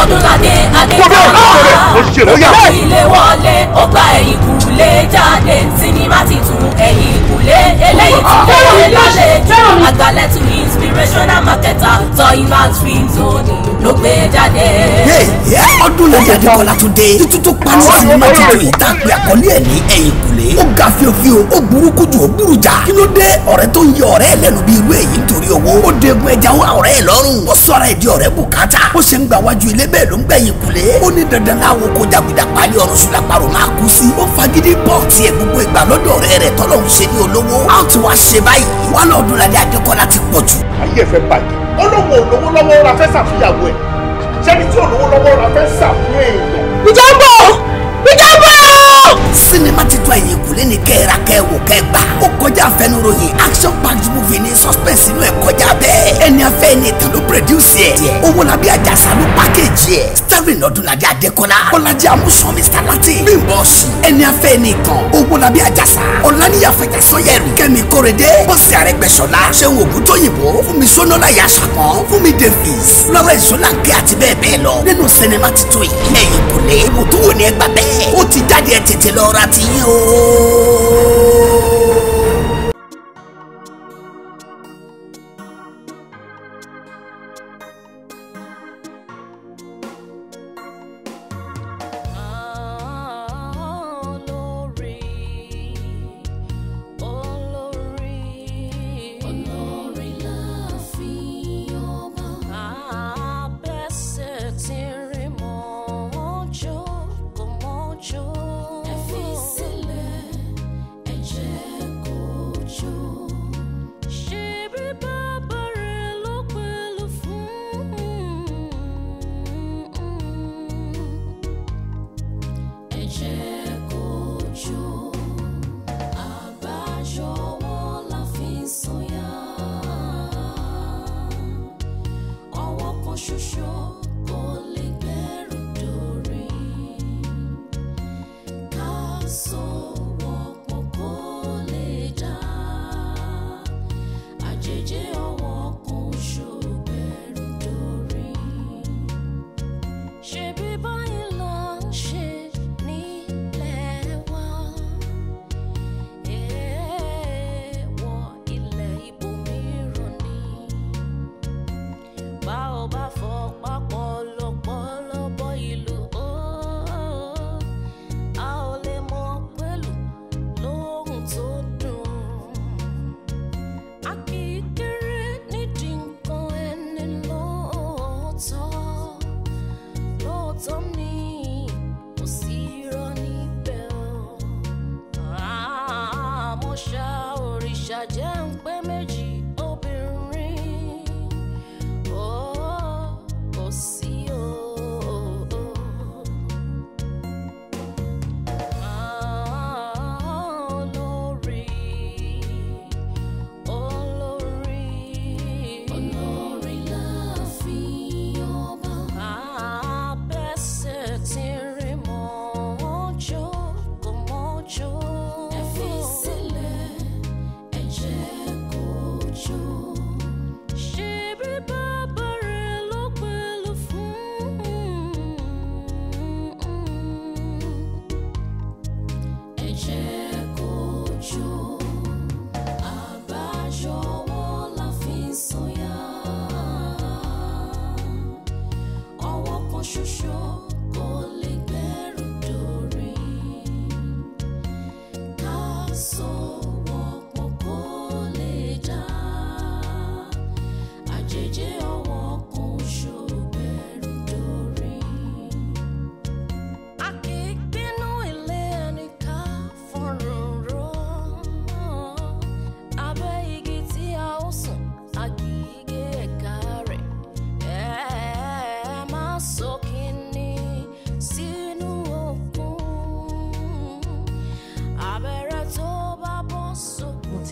Ọdúnládé Adékọ̀yà ọ̀gá ilé wọlé ó gba ẹ̀yìn kùlé jáde sinimá ti tún ẹ̀yìn kùlé eléyìí ti kéré lálejò àgbàlẹ́tù inspirational marketer toyman twinzoni ló gbé jáde. Ọdúnládé Adékọ̀yà tó dé títú tó parí sinimá tuntun yìí tá a pè àkọlé ẹ̀ ní ẹ̀yìn kùlé yìí ó ga fiofio ó burúkú jù ó burú jà kí ló dé ọ̀rẹ́ tó ń yẹ ọ̀rẹ́ ẹ̀ lẹ́nu bí irú èyí nítorí owó ó degun ẹja wá ọ̀rẹ́ ẹ̀ lọ́rùn ó sọ̀rọ̀ ẹ̀ di ọ̀rẹ́ bùkátà ó ṣe ń gbà wájú ilé bẹ́ẹ̀ ló ń gbẹ̀yìn kùlé ó ní dandan láwọn kó jàgùdà pálí ọ̀run sùn lápárò máa kú sí ó fagídí bọ̀ tí ẹ gbogbo ìgbà lọ́dọ̀ ọ̀rẹ́ rẹ̀ tọ́lọ́hún sinima ti jọ ẹ̀yìn kùlé ni kẹ́ra kẹ́wò kẹ́gbà ó kọjá fẹnuroyin action packed movie ni suspense inú ẹ̀ kọjá bẹ́ẹ̀ ẹni afẹ́ ẹni ìtàn ló produce ẹ̀ Owólabí Àjàsà ló package ẹ̀ starring Ọdúnladé Adékọ́lá Bọ́lájí Amúsàn Mr Latin Bímbọ́ Ọ̀ṣì ẹni afẹ́ ẹni ìtàn Owólabí Àjàsà Ọláníyà Fẹ̀tẹ̀sọ́yẹ̀rì Kẹ́mi Kóredé Bọ́sẹ̀ Arẹ́gbẹ́ṣọlá Ṣẹ́hun Ògúntóyìnbó Fúnmi Sọ́nọ́láyà Ṣàpọ̀n Fúnmi Davis Lọ́rọ̀ Ìṣọ́làǹkẹ́ àti bẹ́ẹ̀ bẹ́ẹ̀ lọ nínú sinima titun yìí ẹ̀yìn kùlé kò tó wò ní ẹgbà bẹ́ẹ̀ ó ti jáde ẹ̀ tètè lọ ra at you.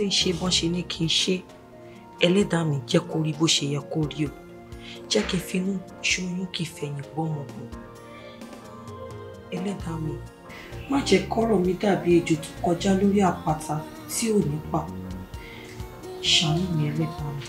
tí ń ṣe bọ́n ṣe ní kí n ṣe ẹlẹ́dàá mi jẹ́ kó rí bó ṣe yẹ kó rí o jẹ́ kí n finú ṣoyún kí n fẹ̀yìn gbọ́mọkùn ẹlẹ́dàá mi má jẹ́ kọ́rọ̀ mi dàbí ejò tó kọjá lórí àpáta tí ò ní pa ṣàánú mi ẹlẹ́dàá mi.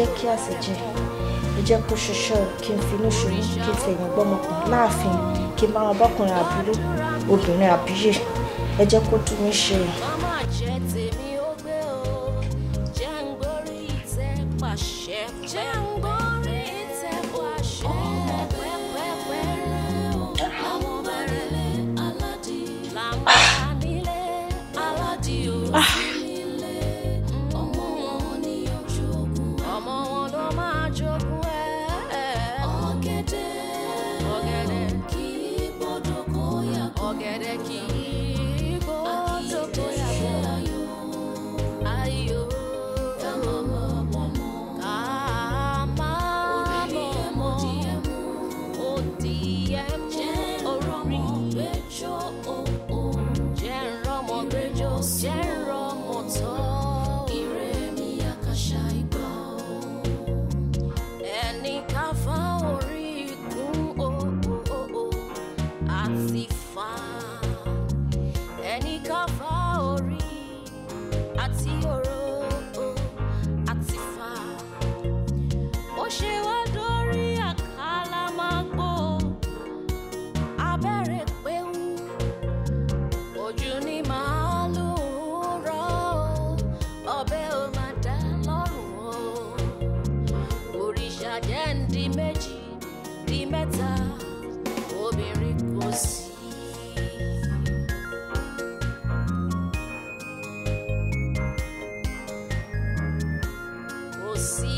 jẹ́ kí àṣejẹ ẹ jẹ́ kó ṣiṣẹ́ o kí n finú ṣòro kí n fẹ̀yìn gbọ́mọkàn láàfin kí n bá wọn bọ́kùnrin àbúrò obìnrin àbíyè ẹ jẹ́ kó tún mí ṣe see.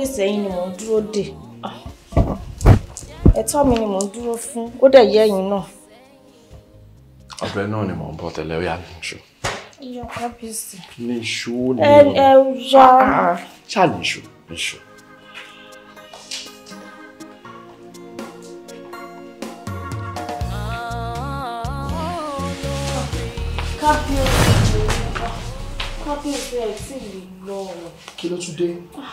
kábíyèsí ẹ̀yin ni mò ń dúró dè ẹ̀tọ́ mi ni mò ń dúró fún ó dẹ̀ yẹ ẹ̀yin náà. ọbẹ̀ náà ni mò ń bọ̀ tẹ́lẹ̀ ó yà ní iṣu. iyọ̀ kábíyèsí. ní iṣu ó ní. ẹ ẹ ya. Ah, ṣáà ní iṣu ní iṣu. kábíyèsí kábíyèsí ẹ̀ tí ì lọ. kí ló tún dé. Ah.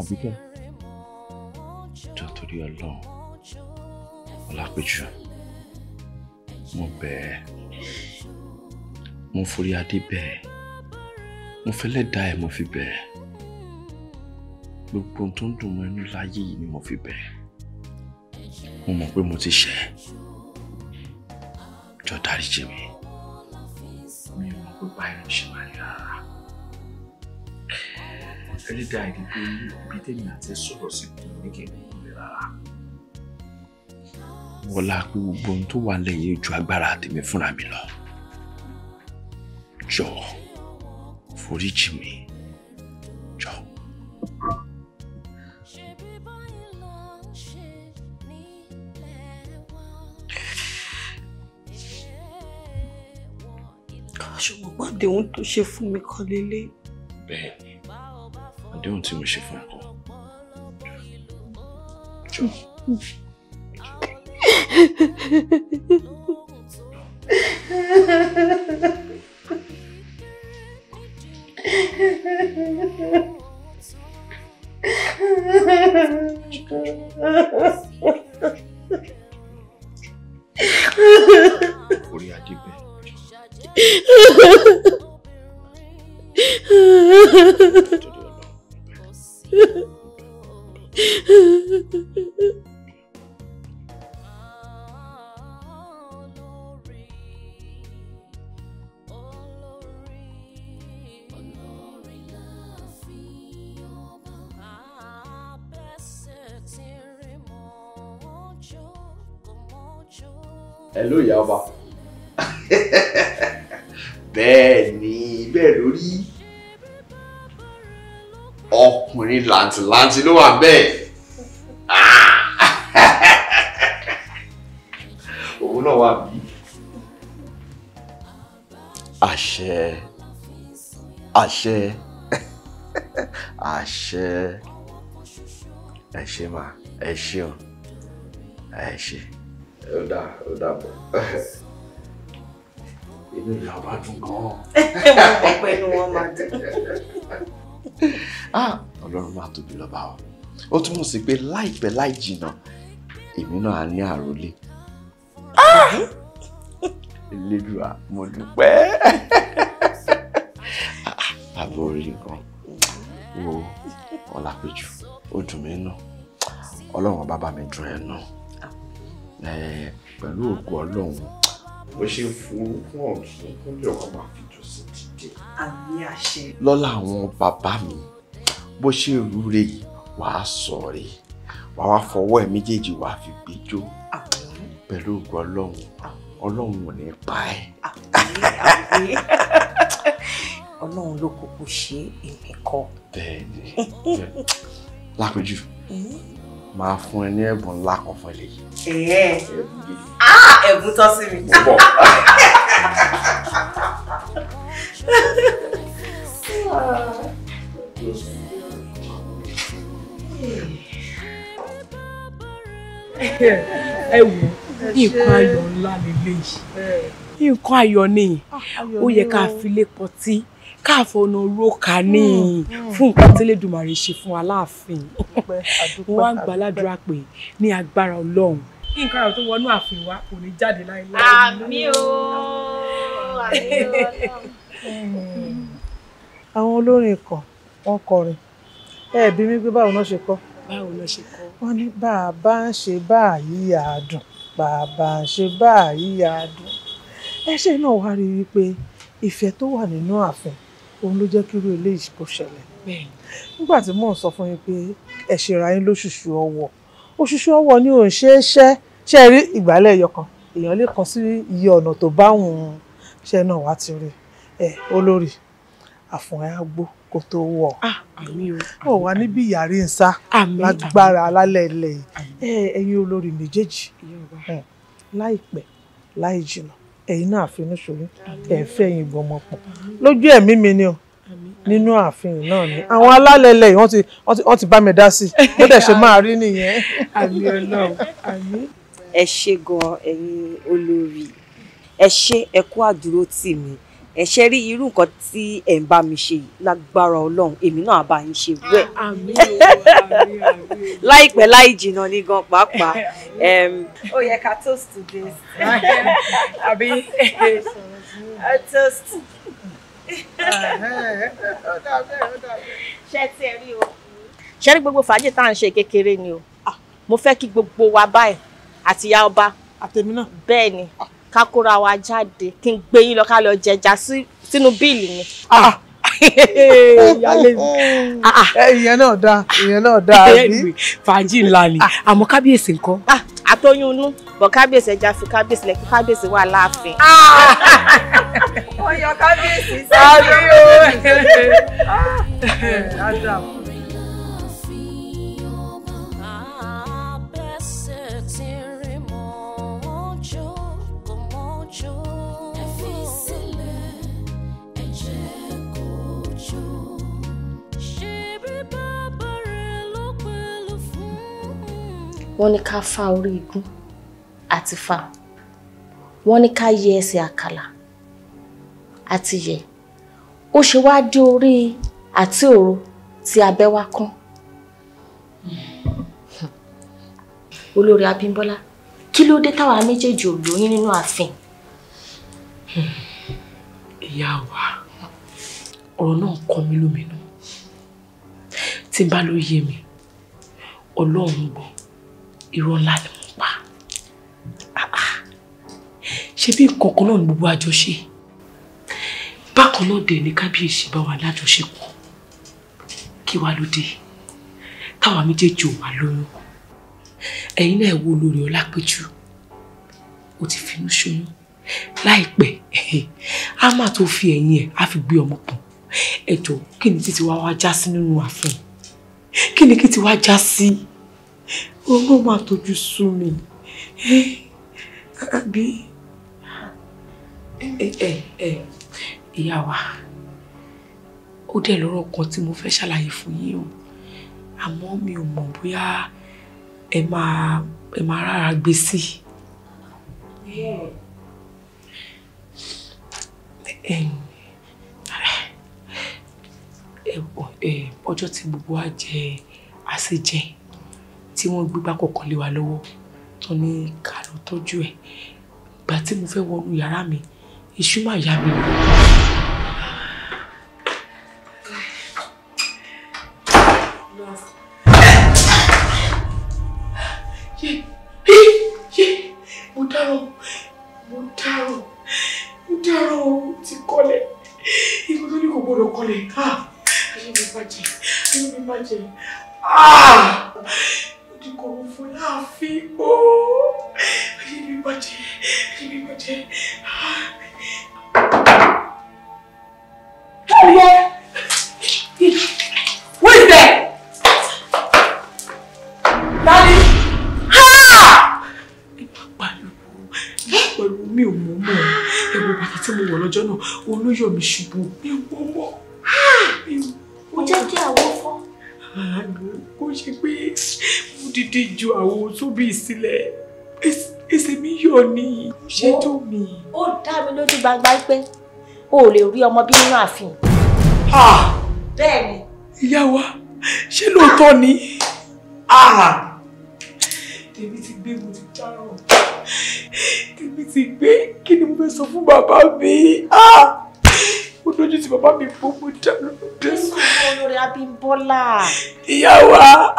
Àbíkẹ́ jọ torí ọlọ́run Ọlápẹ̀jù mo bẹ̀ ẹ́ mo forí adé bẹ̀ ẹ́ mo fẹ́lẹ́ dá ẹ̀ mo fi bẹ̀ gbogbo tó ń dùn mọ́ inú láyé yìí ni mo fi bẹ̀ ẹ́ mo mọ̀ pé mo ti ṣẹ̀ jọ dáríjì mi mi ò mọ̀ pé báyìí ló ṣe máa rí rárá very die di pé ibi tèmi àti sọ̀rọ̀ sí kò ní kí n lè rárá. wọ́n la pé gbogbo ohun tó wà lẹ́yìn ju agbára tèmi fúnra mi lọ. jọ foríjì mi jọ. ṣùgbọ́n pàdé ohun tó ṣe fún mi kan lélẹ́yìn. bẹ́ẹ̀ni àdéhùn tí mo ṣe fún ẹ̀kọ́. orí adé bẹ́ẹ̀. ẹ ló ìyá ọba. bẹ́ẹ̀ ni bẹ́ẹ̀ ló rí ọkùnrin làǹtìlanti ló wà bẹ́ẹ̀ ah! òun náà wà bí. àṣẹ àṣẹ àṣẹ ẹ ṣe máa ẹ ṣeun ẹ ṣe ó da ó dà bọ̀ inú ìyá ọba dùn gan-an. ẹ mọ ọpẹ inú wọn máa dùn. ọlọ́run máa tóbi lọ́ba o ó túmọ̀ sí pé láìpẹ́ láì jìnnà èmi náà á ní àròlé. Ah! Elédùà mo dúpẹ́ bàbá orí nǹkan wo Ọlápéjú ó dùn mí nù ọlọ́run bàbá mi dùn ẹ̀ nù pẹ̀lú ògo ọlọ́run bó ṣe forúkún ọ̀tún kúndé ọ̀kan máa fi jọ sí dídé. àmì àṣẹ. lọ́la àwọn bàbá mi bó ṣe rúre yìí wàá sọ rè wàá wá fọwọ́ ẹ̀ méjèèjì wàá fi gbẹjọ́ pẹ̀lú ògo ọlọ́run ọlọ́run ò ní pa ẹ́. ọlọ́run ló kúkú ṣe èmi kọ. lápẹjù máa fún ẹ ní ẹ̀bùn ńlá kan fún eléyìí. ẹ̀ẹ́ ah, ẹ̀bùn tọ́ sí mi. ẹ wò nǹkan ayọ̀ ńlá lélẹ́yìí nǹkan ayọ̀ ni ah, ó yẹ ká fi lé pọtí káàfọ̀nà róka ní hmm, hmm. fún nǹkan tẹ́lẹ̀dùmarè ṣe fún aláàfin wọ́n á gbàládùra pé ní agbára ọlọ́run kí nǹkan àrùn tó wọnú ààfin wa kò ní jáde láéláé. àmín o àmín ọlọ́run. àwọn olórin kan wọ́n kọrin ẹ bí mi pé báwo náà ṣe kọ. báwo náà ṣe kọ. wọ́n ní bàbá ń ṣe báyìí àdùn bàbá ń ṣe báyìí àdùn ẹ ṣe náà wá rí i wípé ìfẹ́ tó wà nínú ààfin òun ló jẹ́ kí irú eléyìí kò ṣẹlẹ̀ nígbà tí mò ń sọ fún yín pé ẹ ṣera yín lóṣùṣù ọwọ́ òṣùṣù ọwọ́ ni òun ṣe é ṣẹ́ ṣe rí ìgbálẹ̀ ẹyọkan èèyàn lè kàn sí iye ọ̀nà tó bá òun ṣe náà wá ti rí ẹ olórí àfọ̀n ẹ̀ àgbo kò tó wọ̀ ọ̀ ah, wà níbi ìyàrí ń sá lágbára alálẹ̀ ilẹ̀ yìí ẹ̀yin olórí méjèèjì láìpẹ́ láì jìnnà ẹ̀yin náà àfin ní ṣòro ẹ̀fẹ́ yìí gbọmọ pọ̀ lójú ẹ̀mí mi ni o nínú ààfin náà ni àwọn alálẹ̀lẹ̀ yìí wọ́n ti bá mi dá sí bó dẹ̀ ṣe máa rí nìyẹn. àmín Ọlọ́run àmín. ẹ ṣé gan-an ẹ̀yin olórí ẹ ṣé ẹ kú àdúró tì mí ẹ ṣe rí irú nǹkan tí ẹ ń bá mi ṣe lágbára Ọlọ́run èmi náà bá yín ṣe wẹ láìpẹ́ láì jìnnà ní gan pàápàá ó yẹ ká toast to this àbí toast ṣe tí ẹ rí o ṣe rí gbogbo fàájì tá à ń ṣe kékeré ni o ah. mo fẹ́ kí gbogbo wa báyìí àti ìyá ọba àtèmi bẹ́ẹ̀ ni. Ah ká kóra wa jáde kí n gbé yín lọ ká lọ jẹjà sínú bíìlì mi. Ah. Ah. Ah, eh, ìyẹn náà dáa ìyẹn náà dáa bí. fàájì ńlá ni àmọ́ kábíyèsí ńkọ́. àtọyún inú bọ̀ kábíyèsí ẹja fi kábíyèsí lẹ́kí kábíyèsí wà láàfin. wọ́n yọ kábíyèsí sí i. wọ́n ní ká fá orí igun àti fá wọ́n ní ká yẹ ẹsẹ̀ àkàlà àti yẹ ó ṣe wá dé orí àti òru tí abẹ́ wá kán hmm. olórí Abímbọ́lá kí ló dé táwa méjèèjì ò lóyún nínú ààfin. Hmm. ìyá wa ọ̀rọ̀ náà kọ́ mi lóminú tí n bá ló yé mi ọlọ́run gbọ́ irọ́ ńlá ni mo pa ah, ah. ṣe bí nǹkan kan náà ni gbogbo àjọṣe bákan náà dẹ̀ ní kábíyèsí bá wà lájọṣepọ̀ kí wá ló dé táwa méjèèjì ò wá lóyún ẹ̀yin náà wo olórí ọlápẹ́jù ó ti finú ṣoyún láìpẹ́ a máa tó fi ẹ̀yìn ẹ̀ á fi gbé ọmọ pọ̀ ẹ̀jọ̀ kí ni títí wá wá já sí nínú ààfin kí ni kí ti wá já sí ọlọ́ máa tójú sú mi àbí ìyá wa ó dẹ̀ lọ́rọ̀ kan tí mo fẹ́ ṣàlàyé fún yín o àmọ́ mi ò mọ̀ bóyá ẹ máa ẹ máa rárá gbé sí ọjọ́ tí gbogbo wa jẹ àṣejẹ. Yeah tí wọ́n gbégbá kọ̀ọ̀kan lé wa lọ́wọ́ tó ní ká lọ tọ́jú ẹ̀ ìgbà tí mo fẹ́ wọnú yàrá mi iṣu máa yá mi lọ. mo dárò mo dárò mo dárò ti kọlẹ̀ ikú tó ní kò gbọdọ̀ Ah! Àfi o. Ayé mi bàjẹ́. Ayé mi bàjẹ́. Kẹ́lẹ́. Who is there? Dádì. Pẹ̀lú mi ò mọ̀ mọ̀ ẹ̀rọ bàtà tí mo wọ̀ lọ́jọ́ náà olóyọ̀ mi ṣubú mi ò díjú àwo tóbi sílẹ̀ ẹsẹ̀ mi yọ̀ ní ṣẹ́jú mi. ó dá mi lójú gbangba pé o ò lè rí ọmọ bí nínú ààfin. bẹ́ẹ̀ ni. ìyá wa ṣé lóòótọ́ ni tèmi ti gbé mo ti dáràn tèmi ti gbé kí ni mo fẹ́ sọ fún bàbá mi. Ah! dójú tì bàbá mi bó mo dáná ló dé. kí ló ń lórí Abímbọ́lá. ìyá wa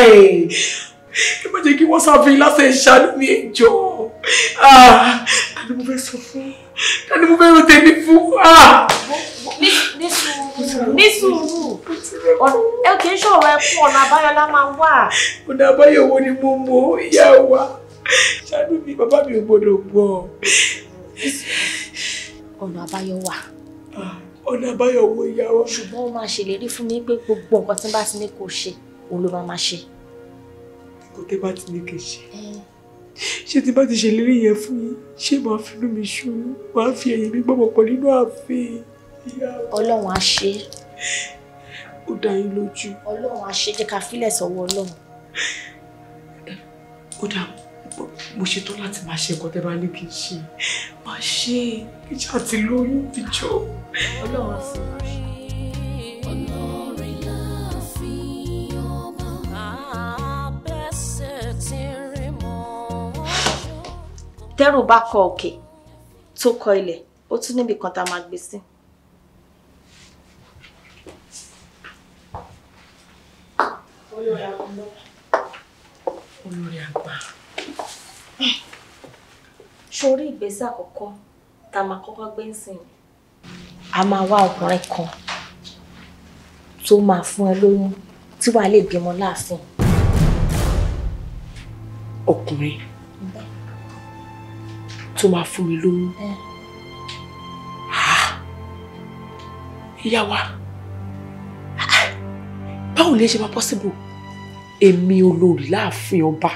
ẹ má jẹ́ kí wọ́n sáfin lásán ìṣàánú mi ẹjọ́ tani mo fẹ́ sọ fún tani mo fẹ́ ro tèmi fún. ní sùúrù ní sùúrù ẹ kì í ṣòro ẹkún ọ̀nà àbáyọ la máa wà. ọ̀nà àbáyọ wo ni mo mọ ìyá wa ṣàánú mi bàbá mi ò gbọdọ̀ gbọ́. ọ̀nà àbáyọ ọ̀nà àbáyọ wo ìyá wa. ṣùgbọ́n ó máa ṣèlérí fún mi pé gbogbo nǹkan tí bá ti ní kò ṣe òun ló máa máa ṣe. kò tẹ́ bá ti ní kò ṣe. ṣé tí bá ti ṣèlérí yẹn fún yín ṣé màá fi inú mi ṣú màá fi ẹ̀yìn mi gbọ́mọ̀ pọ̀ nínú ààfin ìyá wa. ọlọ́run á ṣe é. ó dá yín lójú. ọlọ́run á ṣe é jẹ́ ká fílẹ̀ sọ́wọ́ ọlọ́run. ó dààmú mo ṣetán láti máa ṣe nǹkan tẹ́ bá ní kí n ṣe máa ṣe kíjà àti lóyún ìjọ ọlọ́run àti máa ṣe. tẹ́rù bá kọ òkè tó kọ ilẹ̀ ó tún níbi kan tá a máa gbé sí. olórí àgbà. olórí àgbà sórí ìgbésẹ̀ àkọ́kọ́ tá a máa kọ́kọ́ gbé ń sìn a máa wá ọkùnrin kan tó máa fún ẹ lóyún tí wàá lè bímọ láàfin. ọkùnrin tó máa fún mi lóyún ìyá báwo lè ṣe máa possible èmi olórí láàfin ọba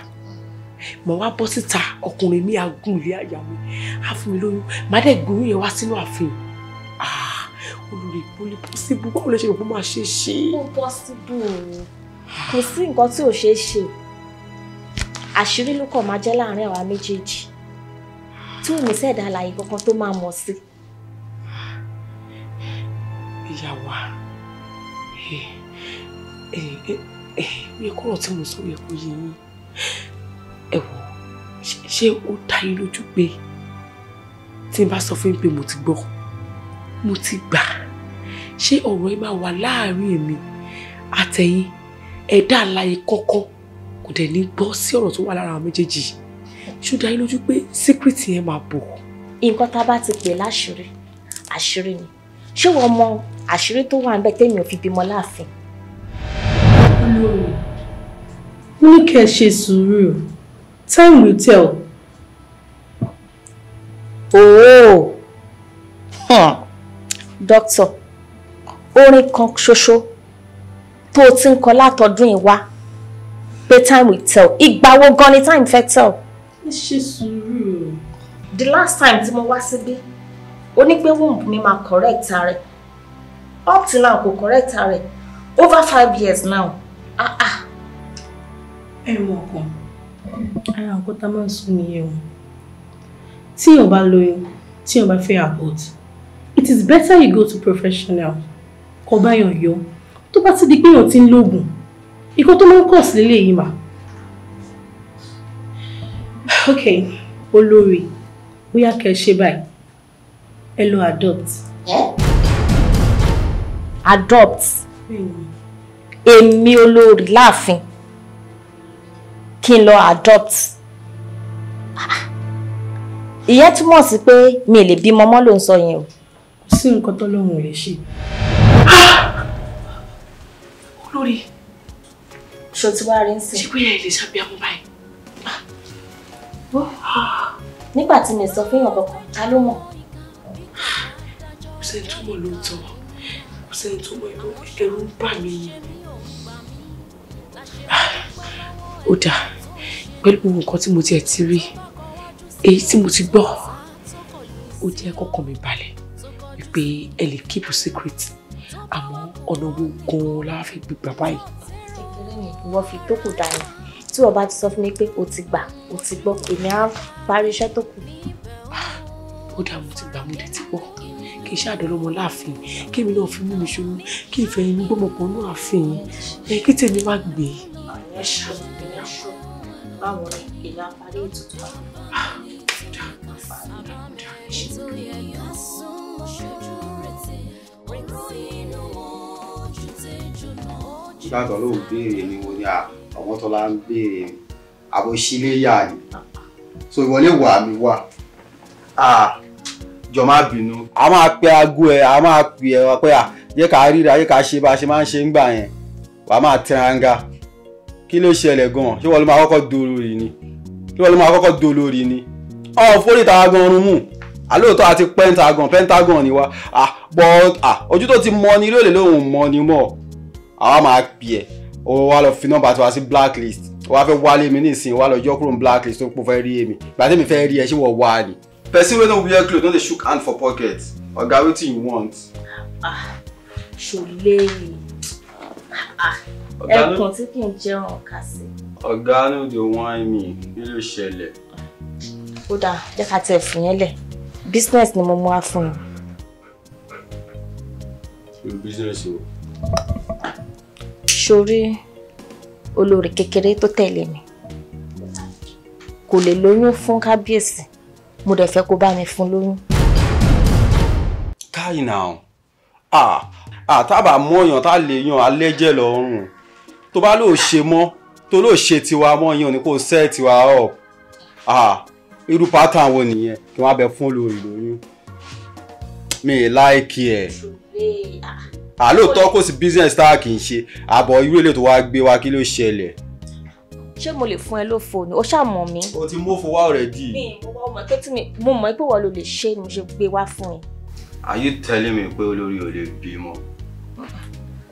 mo wá bọ́ síta ọkùnrin mi agún ilé àyà mi á fún mi lóyún màá dẹ̀ gbóyún yẹn wá sínú ààfin olùrè ìpolí pọ́síbù báwo lè ṣe rò pé máa ṣe ṣe. ó pọ́síbù kò sí nǹkan tí ò ṣeé ṣe àṣírí ló kàn máa jẹ́ láàárín àwa méjèèjì tí òun ṣẹ̀dá àlàyé kankan tó máa mọ̀ sí. ìyá wa ẹ ẹ ẹ ẹ kúrò tí mo sọ yẹ kó yẹ yín ẹ wò ṣé ó dá yín lójú pé tí n bá sọ fún yín pé mo ti gbọ́ mo ti gbà ṣé ọ̀rọ̀ ẹ máa wà láàárín èmi àtẹ̀yìn ẹ̀dá àlàyé kọ́kọ́ kò dẹ̀ ní gbọ́ sí ọ̀rọ̀ tó wà lára àwọn méjèèjì ṣó dá yín lójú pé síkírìtì yẹn máa bò. nǹkan tá a bá ti pè láṣìírí àṣírí ni ṣé wọ́n mọ àṣírí tó wà níbẹ̀ tẹ́mi ò fi bímọ láàfin. mo ní kẹ́ ẹ ṣe sùúrù. Time will tell. Oh. huh, hmm. Doctor, orin kan ṣoṣo tó o ti ń kọ látọdún yìí pé time will tell. Ìgbà wo gan ni time fẹ́ tell? Ẹ ṣe sùúrù. The last time tí mo wá síbí, ó ní pé womb mi máa correct ara rẹ̀. Up till now kò correct rẹ̀. Over five years now. Ah ah. Ẹ mọ̀ kan ara ah, nǹkan tá a máa ń sọ nìyẹn o tíyàn bá lóyún tíyàn bá fẹ́ abort it is better you go to professional kó bá yàn yọ tó bá ti di pé yàn ti ń lóògùn ikọ́ tó máa ń kọ̀ sí lélẹ́yìí mà ok olórí bóyá kẹ́ ẹ ṣe báyìí ẹ lọ adopt. adopt èmi olórí láàfin kí n lọ adopt ìyẹn túmọ̀ sí pé mi ì lè bímọ mọ́ ló ń sọ yẹn o. kò sí nǹkan tó lóun ò lè ṣe. Ah! olórí ṣo ti wá rí ń sìn. ṣé pé ẹ lè ṣàbí àmú báyìí. Ah! nígbà tí mi sọ fún èèyàn kankan ta ló mọ̀. kò sẹ́ni tó mọ̀ lóòótọ́ kò sẹ́ni tó mọ̀ ẹ̀rù ń bà mí. Ah! ó dà pẹ̀lú gbogbo nǹkan tí mo tiẹ̀ ti rí èyí tí mo ti gbọ́ ó jẹ́ kọ́kàn mi balẹ̀ wípé ẹ lè keep secret àmọ́ ọ̀nà gbogbo la fi gbé bàbá yìí. ìkíní mi wọ́n fi tó kù dání tí wọ́n bá ti sọ fún mi pé o ti gbà o ti gbọ́ èmi á parí iṣẹ́ tó kù. Ah, ó dà mo ti gbà mo lè ti gbọ́ kì í ṣàdọ́lọ́mọ láàfin kémi náà fi mú mi ṣòro kí ìfẹ́ inú gbọ́mọkàn náà àfihàn ẹ kí tèmi má gbé. ọ̀rẹ́ ṣàlùkò. aṣọ báwo ìlà ló ń ni mo ní àwọn tó ń béèrè àbò ṣíléyà ni so ìwọlé wà mí wà jọ má bínú. a máa ẹ a máa pè ẹ wá pé à ká ríra ká ṣe bá a ṣe máa ń ṣe ń gbà yẹn máa kí ló ṣẹlẹ̀ gan-an ṣé wọ́n ló máa kọ́kọ́ do olórí ni ṣé wọ́n ló máa kọ́kọ́ do olórí ni ọ̀hún fórí ìta gan ọrùn mú àlóòótọ́ àti pentagon pentagon ni wa ah but ah ojú tó ti mọ ni ilé òlè lòun mọ ni mọ́ àwa máa pì ẹ́ ó wá lọ fi nọ́mbà tiwa sí blacklist ó wá fẹ́ wálé mi nísìnyí wá lọ jọ́ kúrò blacklist tó pọ̀ fẹ́ rí èmi ìgbà tí mi fẹ́ rí ẹ ṣé wọ́n wá ni. person wey no wear cloth no dey shook hand for pocket oga wetin you want. ah ṣòlẹ́yìn ah ẹkùn tí kì í jẹun ọ̀ka sí. ọ̀gá ló dé wọ́n mi kí ló ṣẹlẹ̀. ó dáa jẹ́ ká tẹ̀ fún yẹn lẹ̀ business ni mo mú wá fún un. irú business wo. sori olórí kékeré tó tẹ̀lé mi kò lè lóyún fún kábíyèsí mo dẹ̀ fẹ́ kó bá mi fún lóyún. káyìn náà àtàbà mọ́yàn tá a lè yan alẹ́jẹ̀ lọ́rùn tó bá lóò ṣe mọ́ tó lóò ṣe tiwa mọ́ yẹn ò ní kó set tiwa up irú pátá wo nìyẹn kí wọ́n á bẹ fún olórí lóyún mi láìkí ẹ̀ àlóòótọ́ kò sí business tá a kì í ṣe àbọ̀ irú èlé tó wá gbé wa kí ló ṣẹlẹ̀ ṣé mo lè fún ẹ ló fóònù ó ṣàmọ mi. o ti mú fowó already. mi mo wá ọmọ tó tún mi mo mọ pé wọ́n ló lè ṣe ni mo ṣe gbé wá fún ẹ. are you telling me pé olórí ò lè bímọ.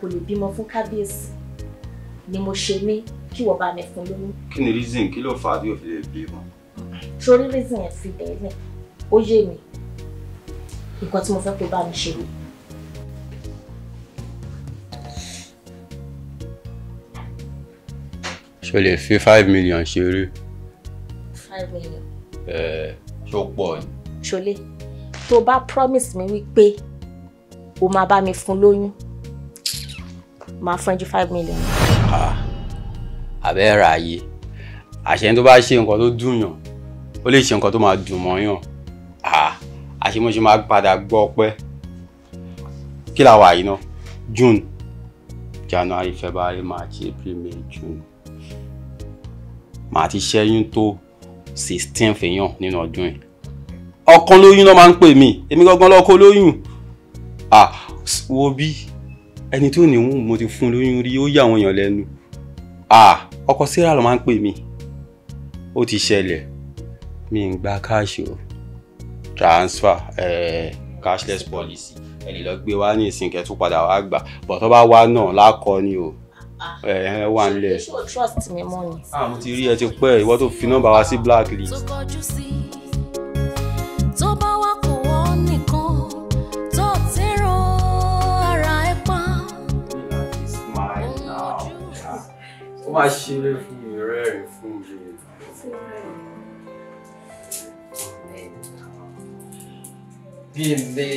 kò lè bímọ fún kábíyèsí ni mo ṣe ní kí wọ́n bá mi fún lóyún. kí ni reason kí ló fà á bí òfin lè bí wọn. sórí reason yẹn fi bẹ̀ẹ́ lẹ̀ ó yé mi nǹkan tí mo fẹ́ kó bá mi ṣe ṣe lè fi five million ṣeré. five million. ẹ ẹ ṣó pọ̀ ni. ṣọlẹ tó bá promise mi wípé o máa bá mi fún lóyún máa fún ẹ ju five million. àbẹ́ ra ayé àṣẹ tó bá ṣe nǹkan tó dùn yàn ó lè ṣe nǹkan tó máa dùn mọ́ yàn àṣemọ́ṣe máa padà gbọ́ pẹ́ kí la wà yìí ná June January February March April May June màá ti ṣẹ́yún tó sixteen fèèyàn nínú ọdún yìí ọkàn lóyún náà máa ń pè mí èmi gangan lọkọ lóyún ah wo bí ẹni tó ní mo ti fún lóyún rí ó yà àwọn èèyàn lẹ́nu ọkọ Sarah ló máa ń pè mí ó ti ṣẹlẹ̀ mi ń gba káàṣì o transfer eh, cashless policy ẹ lè lọ gbé wá ní ìsìn kẹ́tù padà wá gbà bọ̀ tó bá wá náà lákọ ni o ẹ ah, eh, ẹ wà nílẹ̀. ṣé o trust mi mọ́ ni. Ah, mo ti rí ẹ ti pẹ́ ìwọ tó fi nọ́mbà wá sí blacklist. máa ṣeré fún mi rẹ́rìn fún mi. Bímbí.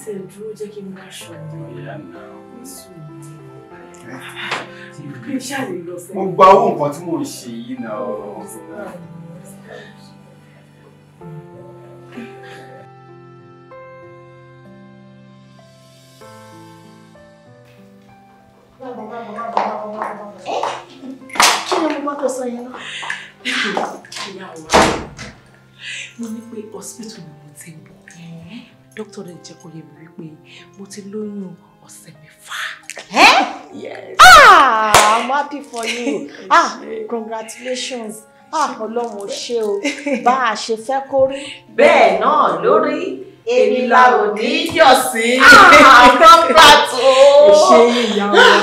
Ṣé dúró jẹ́ kí n máa ṣọ̀gbọ́n? Ìyá náà. Ní sùúrù mo gba owó nǹkan tí mò ń ṣe yìí náà. kí ni mo bá tó sọ yẹn náà. ìyàwó mo ní pé hospital ni mo ti ń bọ̀ dókítà rẹ̀ jẹ́ kó yé mi wípé mo ti lóyún ọ̀sẹ̀ mẹ́fà. Eh? Yes. Ah, I'm happy for you. ah, congratulations. Ah, Ọlọ́run ò ṣe o. Bá a ṣe fẹ́ kó rí. Bẹ́ẹ̀ náà lórí. Èmi la ò ní yọ̀ sí. Ah, congrats o. Ẹ ṣé ìyá wa.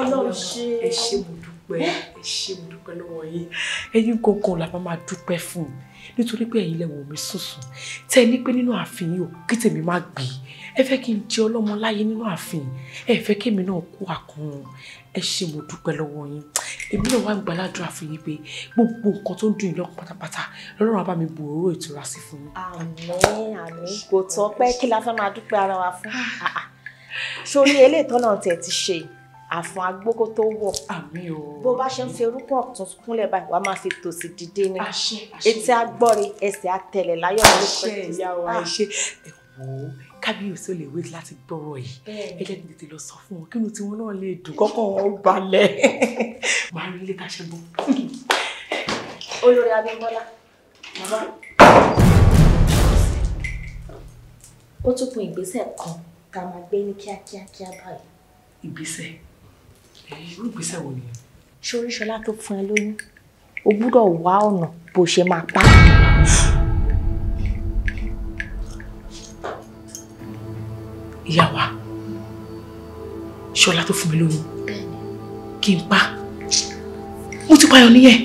Ọlọ́run ṣe. Ẹ ṣé mo dúpẹ́. Ẹ dúpẹ́ lọ́wọ́ yín ẹ̀yin gangan la máa dúpẹ́ fún nítorí pé ẹ̀yin lẹ́wọ̀n mi sùnsùn tẹ́ ẹ ní pé nínú ààfin yìí ò kí tèmi má gbé ẹ fẹ́ kí n jẹ́ ọlọ́mọ láyé nínú ààfin ẹ fẹ́ kémi náà kú àkùnrin ẹ ṣe mo dúpẹ́ lọ́wọ́ yín èmi náà wá gba aládùúrà fún yín pé gbogbo nǹkan tó ń dùn yín lọ́kàn pátápátá lọ́rùn àbá mi bu òróró ìtura sí fún yín. àmín àmín kò tọ́ pé kí la fẹ́ máa dúpẹ́ ara wa fún ah. ah, ah. ṣó ní eléyìí tẹ̀ ti ṣe àfọn agbókó tó wọ̀. àmín o. bó bá ṣe ń fi orúkọ ọ̀tún kúnlẹ̀ báyìí wàá máa fi tòsì dìde ni. àṣẹ àṣẹ etí agbọ́re ẹsẹ̀ atẹ̀lẹ̀ láyọ̀ ló pẹ́ tó. àṣẹ ìyàwó àṣẹ ah. ẹ wò ó kábíyèsí ò lè wé láti gbọ́rọ̀ yìí ẹ jẹ́ kí n tètè lọ sọ fún wọn kí inú tiwọn náà lè dùn kọ́kọ́ wọn ó balẹ̀. màá rí ilé káṣẹ bọ́. olórí Abímbọ́lá màmá ó tún kún ìgbésẹ̀ kan ká máa gbé ní kíákíá kíá báyìí. ìgbésẹ̀ irú ìgbésẹ̀ wo nìyẹn. ṣoríṣọlá tó fún ẹ lóyún o gbúdọ̀ wá ọ̀nà bó ṣe máa pa á. ìyá wa ṣọlá tó fún mi lóyún kí n pa mo ti payọ nìyẹn.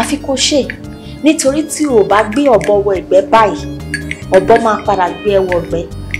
àfi kó ṣe nítorí tí o ò bá gbé ọ̀bọ wọ ẹ̀gbẹ́ báyìí ọ̀bọ máa padà gbé ẹwọ ọ̀gbẹ́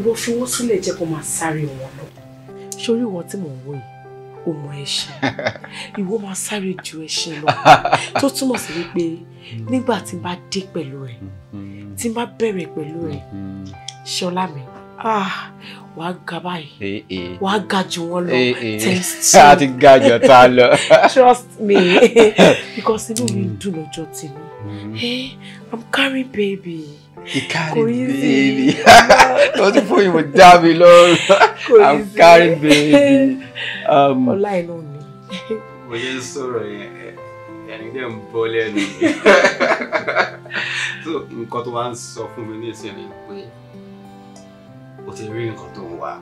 ìwọ fi wọ́n sílẹ̀ jẹ́ kó máa sáré wọn lọ sórí ìwọ tí mò ń wò yìí ó mọ ẹṣin ìwọ máa sáré ju ẹṣin lọ tó túmọ̀ sí wípé nígbà tí n bá dé pẹ̀lú rẹ̀ mm-hmm. tí n bá bẹ̀rẹ̀ pẹ̀lú rẹ̀ mm-hmm. ṣọlá mi ah, wàá ga báyìí eh, eh. wàá ga ju wọn lọ eh, times a ti ga jù ta lọ trust me because inú mi mm. dùn lọ́jọ́ tèmi mm-hmm. i'm carrying baby. You carry baby. Don't you put him with Dami Lord. I'm carrying baby. Um, Ọlá inú mi. Mo ṣe ń sọ̀rọ̀ yẹn, ẹni dẹ̀ ń So nǹkan tó wá ń sọ fún mi ní ìsinmi pé o ti rí nǹkan tó ń wá.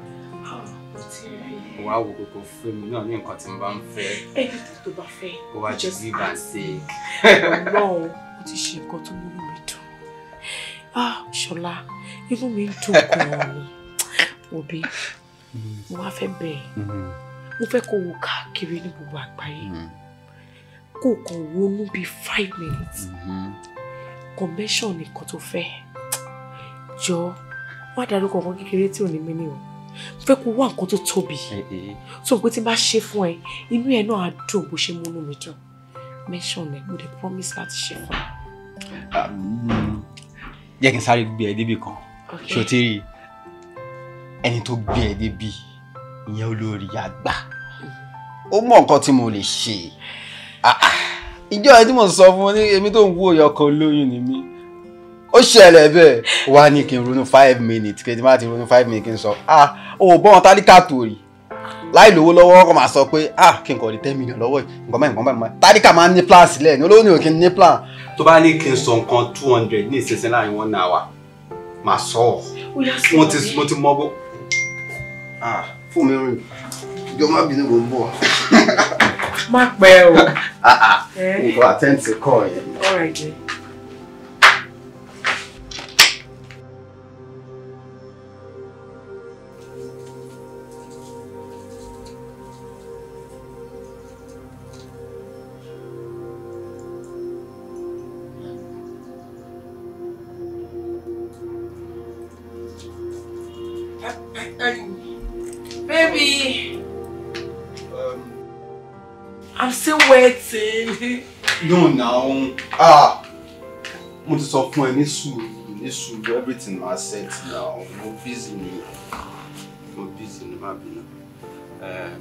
Wàá wo kókó fún mi náà ní nǹkan tí mo bá ń fẹ́. Ẹni tó bá fẹ́. Wàá jẹ́ bí bá ń ṣe. Ọlọ́run, ó ti ṣe nǹkan ah ṣọlá inú mi ń dùn gan-an ni òbí mo wá fẹ́ bẹ́ẹ̀ mm-hmm. mo fẹ́ kó wo káàkiri ní gbogbo àgbáyé mm-hmm. kó kàn wọnú bíi five minutes mm-hmm. convention nìkan tó fẹ́ jọ wá darúkọ kan kékeré tí ò ní mí ni o mo fẹ́ kó wá nǹkan tó tóbi tó eh, eh. pé tí n bá ṣe fún ẹ inú ẹ náà á dùn bó ṣe múnú mi dùn mention ẹ mo dey promise láti ṣe fún ẹ. Ah, jẹ́ kí n sáré gbé ẹ débi kan ṣòtírì ẹni tó gbé ẹ débi ìyẹn olórí àgbà ó mọ nǹkan tí mo lè ṣe ah, ah. ìjọ ẹ tí mo sọ fún ní èmi tó ń wú òye ọkọ olóyún ni mí ó ṣẹlẹ̀ bẹ́ẹ̀ wá ní kí n ronú five minutes kí n má ti ronú five minutes kí n sọ ah òun bọ́n tálíkà tòrì láì lówó lọ́wọ́ ọkọ̀ máa sọ pé ah kí n kọ̀ di ten million lọ́wọ́ yìí nǹkan báyìí nǹkan báyìí tádìkà máa ń ní plan sílẹ̀ ní olówó ni ò kí ń ní plan. tó bá ní kí n sọ nǹkan two hundred ní ìsinsìn láàrin one hour máa sọ ọ mo ti mo ti mọ́gbó. Ah, fún mi rìn ìjọba bínú kò ń bọ̀. má pẹ́ o. nǹkan àtẹ́ǹtì kọ̀ yẹn. waiting. No, now. Ah. Mo ti sọ fún ẹ ní sùúrù, ní sùúrù, everything ma set now. Mo busy ni. Mo busy ni, má bínú. Eh,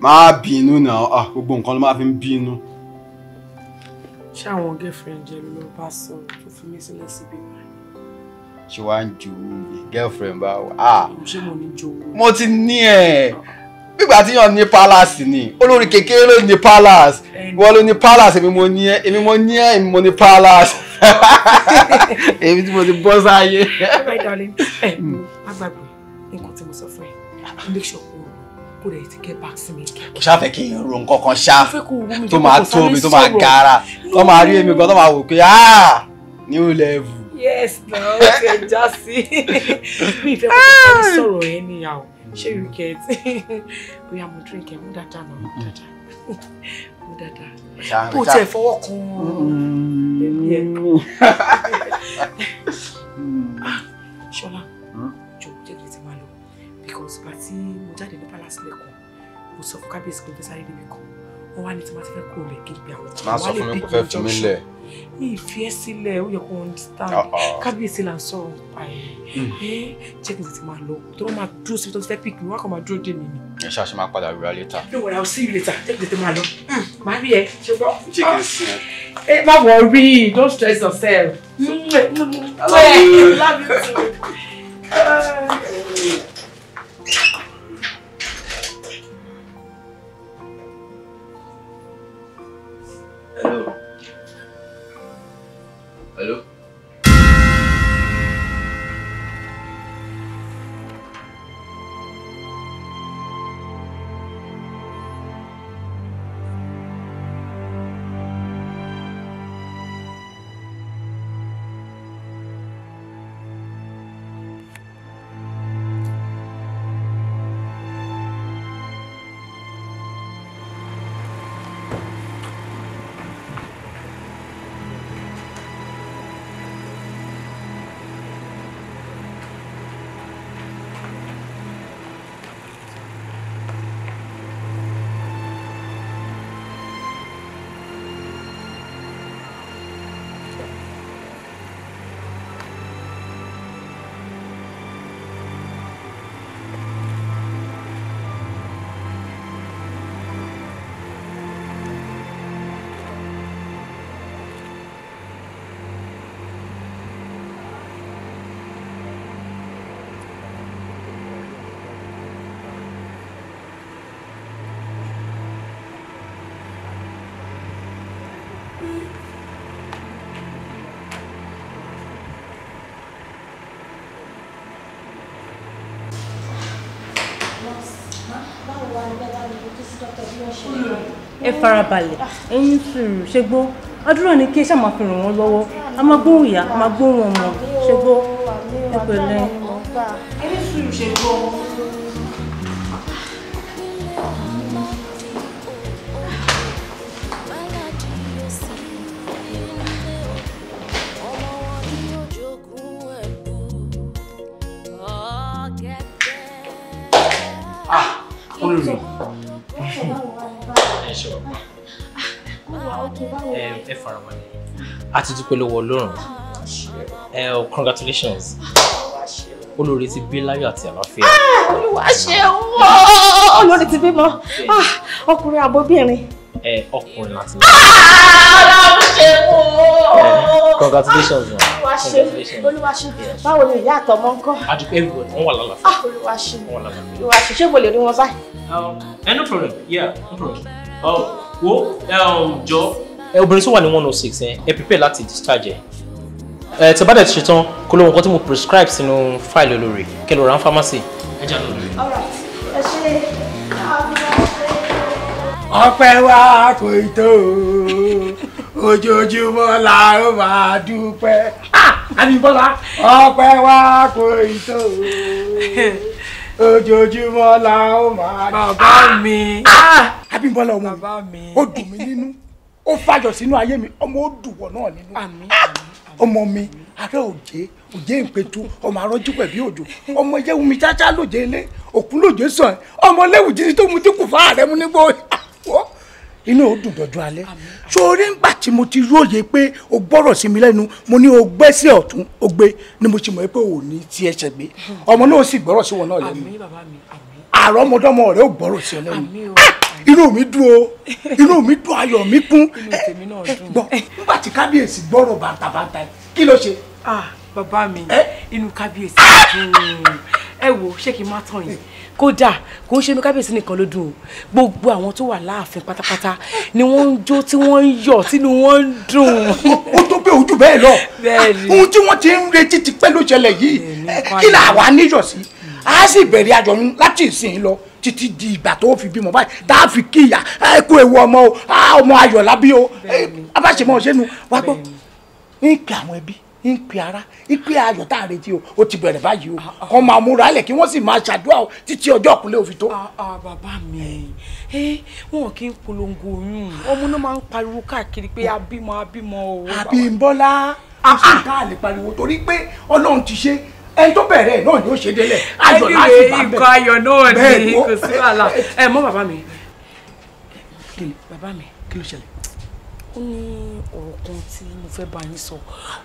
ma hmm. bínú now ah, gbogbo nǹkan ló máa fi ń bínú. Ṣé àwọn girlfriend jẹ́ ló bá sọ tó fi mí sílẹ̀ síbi báyìí? Ṣé wàá ń jowó ni? Girlfriend bá wà. Ah, Ṣé mo ní jowó? Mo ti ní ẹ̀ nígbà tí yàn ní palace ni olórí kékeré ló ní palace wọ́n ló ní palace èmi mo ní ẹ́ èmi mo ní ẹ́ èmi mo ní palace èmi tí mo ti bọ́ sáyé. bye darling ẹ hmm. má gbàgbé nǹkan tí mo sọ fún ẹ make sure kó rẹ̀ ti get back sí mi. mo ṣàfẹ́ kí n ro nǹkan kan ṣá tó máa tóbi tó máa gara tó máa rí èmi gan tó máa wò pé ah new level. yes na o ṣe já sí mi ìfẹ́ kò tẹ̀lé ah. sọ̀rọ̀ ẹ̀ níyàwó ṣé you get bóyá mo drink ẹ mú dáadáa náà mú dáadáa mú dáadáa kó o tẹ fọwọ́ kan mm. ẹbí ah, hmm? ẹ. because bàtí mo jáde ní palace lẹ́kọ̀ọ́ mo sọ fún kábíyèsí pé mo fẹ́ sáré níbi kan wọ́n wá ní tí wọ́n ti fẹ́ kúrò lẹ́kẹ̀ẹ́ gbé àwọn. má sọ mi ìfẹ́ sílẹ̀ ó yẹ kó understand ah, ah. kábíyèsí là ń sọ̀rọ̀ pa ẹ̀ hmm. jẹ́ kí n tètè máa lọ tó lọ́ máa dúró síbi tó ti fẹ́ pick mi wọ́n á kàn máa dúró dè mí ni. ẹ ṣáà ṣe máa padà rírà later. yóò wọ̀rọ̀ sí ìlú later jẹ́ kí n tètè máa lọ hmm, màá rí ẹ ṣùgbọ́n. ṣé kí n sìn worry don't stress yourself. ọ̀rẹ́ oh, love you too. Ah. Hello. Allô ẹ farabalẹ̀ ẹ ní sùúrù ṣègbó àdúrà ni kí ẹ ṣáà fi ràn wọ́n lọ́wọ́ a máa gbóhùn ìyá a máa gbóhùn ọmọ ṣègbó ẹ pẹ̀lẹ́ ẹ ní sùúrù ṣègbó. Ah, olórí dúpẹ́ lọ́wọ́ ọlọ́run ẹ ọ congratulations olórí ti bí láyọ̀ àti àlàáfíà. Ah, olúwa ṣe wọ́ olórí ti bímọ ah, ọkùnrin àbóbìnrin. ẹ ọkùnrin láti bí. Ah, ọlọ́run ṣe wọ́. congratulations ma. olúwa ṣe olúwa ṣe báwo ni ìyá àtọmọ ń kọ́. àdúgbò everybody wọn wà lálàáfíà. olúwa ṣe olúwa ṣe ṣé mo lè rí wọn báyìí. ẹ um, eh, no problem yeah no problem. Oh, wo um, jọ ẹ obìnrin tó wà ní one oh six yẹn ẹ prepare láti discharge ẹ ẹ tẹ bá dẹ̀ ti ṣetán kó lóun nǹkan tí mo prescribe sínú fáìlì olórí kẹ lọ ra ní pharmacy ẹ já lọ rí. ọpẹ́ wa kò tó ojoojúmọ́ la ó máa dúpẹ́ àbíbọ́lá ọpẹ́ wa kò tó ojoojúmọ́ la ó máa dúpẹ́. bàbá mi àbíbọ́lá ọmọ mi ó dùn mí nínú ó fàjọ sínú ayé mi ọmọ ó dùwọ̀ náà nínú ah! ọmọ mi ará òjé òjé ìpẹtù ọmọ arọjú pẹ̀bí òjò ọmọ ẹyẹ wumi chacha lòjé ilé òkú lòjé sàn ọmọ lẹ́wù jíjí tó mu tí kò fà rẹ mu nígbò inú ò dùn dọ̀dọ̀ alẹ́ sórí ńgbà tí mo ti róye pé o gbọ́rọ̀ sí mi lẹ́nu mo ní o gbẹ́sẹ̀ ọ̀tún o gbé ni mo ti mọ̀ pé o ò ní tiẹ̀ ṣẹ̀gbẹ́ hmm. ọmọ náà sì gbọ́rọ̀ sí wọn náà lẹ́nu. àmín bàbá mi àmín àrọ́mọdọ́mọ rẹ ò gbọ́rọ̀ sí ọ lẹ́nu ah! inú mi dùn o inú mi dùn ayọ̀ mi kún eh, eh, gbọ́ nígbà tí kábíyèsí gbọ́rọ̀ bàǹtàbàǹtà kí ló ṣe. Ah, bàbá mi eh? inú kábíyèsí dùn ẹ wo ṣé kí n má tàn yín kódà kò ń ṣe inú kábíyèsí nìkan ló dùn o gbogbo àwọn tó wà láàfin pátápátá ni wọ́n ń jó tí wọ́n ń yọ̀ tínú wọ́n ń dùn. ó tó pé ojú bẹ́ẹ̀ lọ ohun tí wọ́n ti ń retí ti pẹ́ ló ṣẹlẹ̀ yìí kí làwa níyọ̀ sí a sì bẹ̀rẹ̀ àjọyún láti ìsìn lọ títí di ìgbà tó fi bímọ báyìí tá a fi kíyà ẹ kú ewu ọmọ o ọmọ ayọ̀ lábí o abáṣemọ̀ ṣẹ́nu wá gbọ́ ń pè àwọn ẹbí ń pè ara ń pè ayọ̀ tá a retí o ó ti bẹ̀rẹ̀ báyìí o ah, ah. kàn máa múra lẹ̀ kí wọ́n sì máa ṣàdúrà o títí ọjọ́ òkúlẹ̀ òfin tó. Ah, bàbá mi wọn kì í polongo oyún ọmọ náà máa ń pariwo káàkiri pé abímọ abímọ o. àbí ń bọ́lá ẹni tó bẹ̀rẹ̀ náà ni ó ṣe délẹ̀ ayọ̀ láti bá bẹ̀. ikọ̀ ayọ̀ náà ni kò sí wàhálà ẹ mọ bàbá mi bàbá mi kí ló ṣẹlẹ̀. ó ní ọ̀rọ̀ kan tí mo fẹ́ bá yín sọ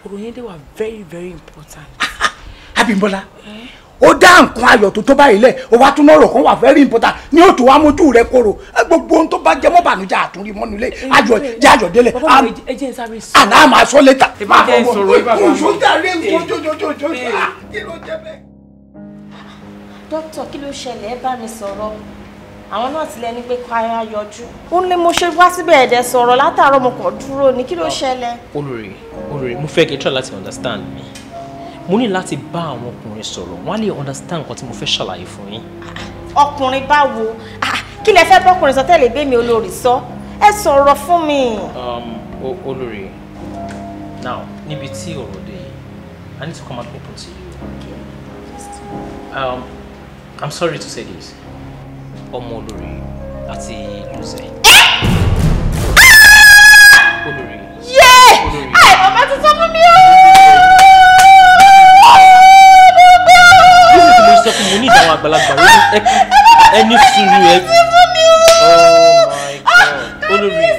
ọ̀rọ̀ yẹn dé wà very very important. Abímbọ́lá eh? ó dá nǹkan ayọ̀ tó tó báyìí lẹ̀ ó wá tún lọ́rọ̀ kan wà very important ní òtò wa mójú rẹ kóró gbogbo ohun tó bá jẹ mọ́ bànújẹ́ àtúnrí mọ́nu ilé ayọ̀ jẹ́ ayọ̀ délẹ̀ àná àmà aṣọ lẹ́tà máa fọwọ́ òṣù dàrí ojojojojo kí ló jẹ bẹ́ẹ̀. dókítà kí ló ṣẹlẹ̀ ẹ bá mi sọ̀rọ̀ àwọn náà ti lẹni pé káyà yọjú ó ní mo ṣe wá síbẹ̀ ẹ̀dẹ̀ sọ̀rọ̀ látàárọ̀ mo kàn dúró ní kí ló ṣẹlẹ̀. olórí olórí mo fẹ́ kí n try láti understand mi mo ní láti bá àwọn ọkùnrin sọ̀rọ̀ wọ́n á lè understand nǹkan tí mo fẹ́ ṣàlàyé fún yín. ọkùnrin báwo ah, kí lẹ fẹ́ bọ́kùnrin sọ tẹ́lẹ̀ bẹ́ẹ̀ mi olórí sọ ẹ sọ̀rọ̀ fún mi. Um, olórí now níbi tí ọ̀rọ̀ dé i need to come out open to you. Um, i'm sorry to say this ọmọ olórí àti lùsẹ̀. Ah! Ah! olórí. yé àìmọ̀ bá ti sọ fún mi o. sọ fún mi ní ìdáwọn àgbàlagbà ló ní ẹni my god. olórí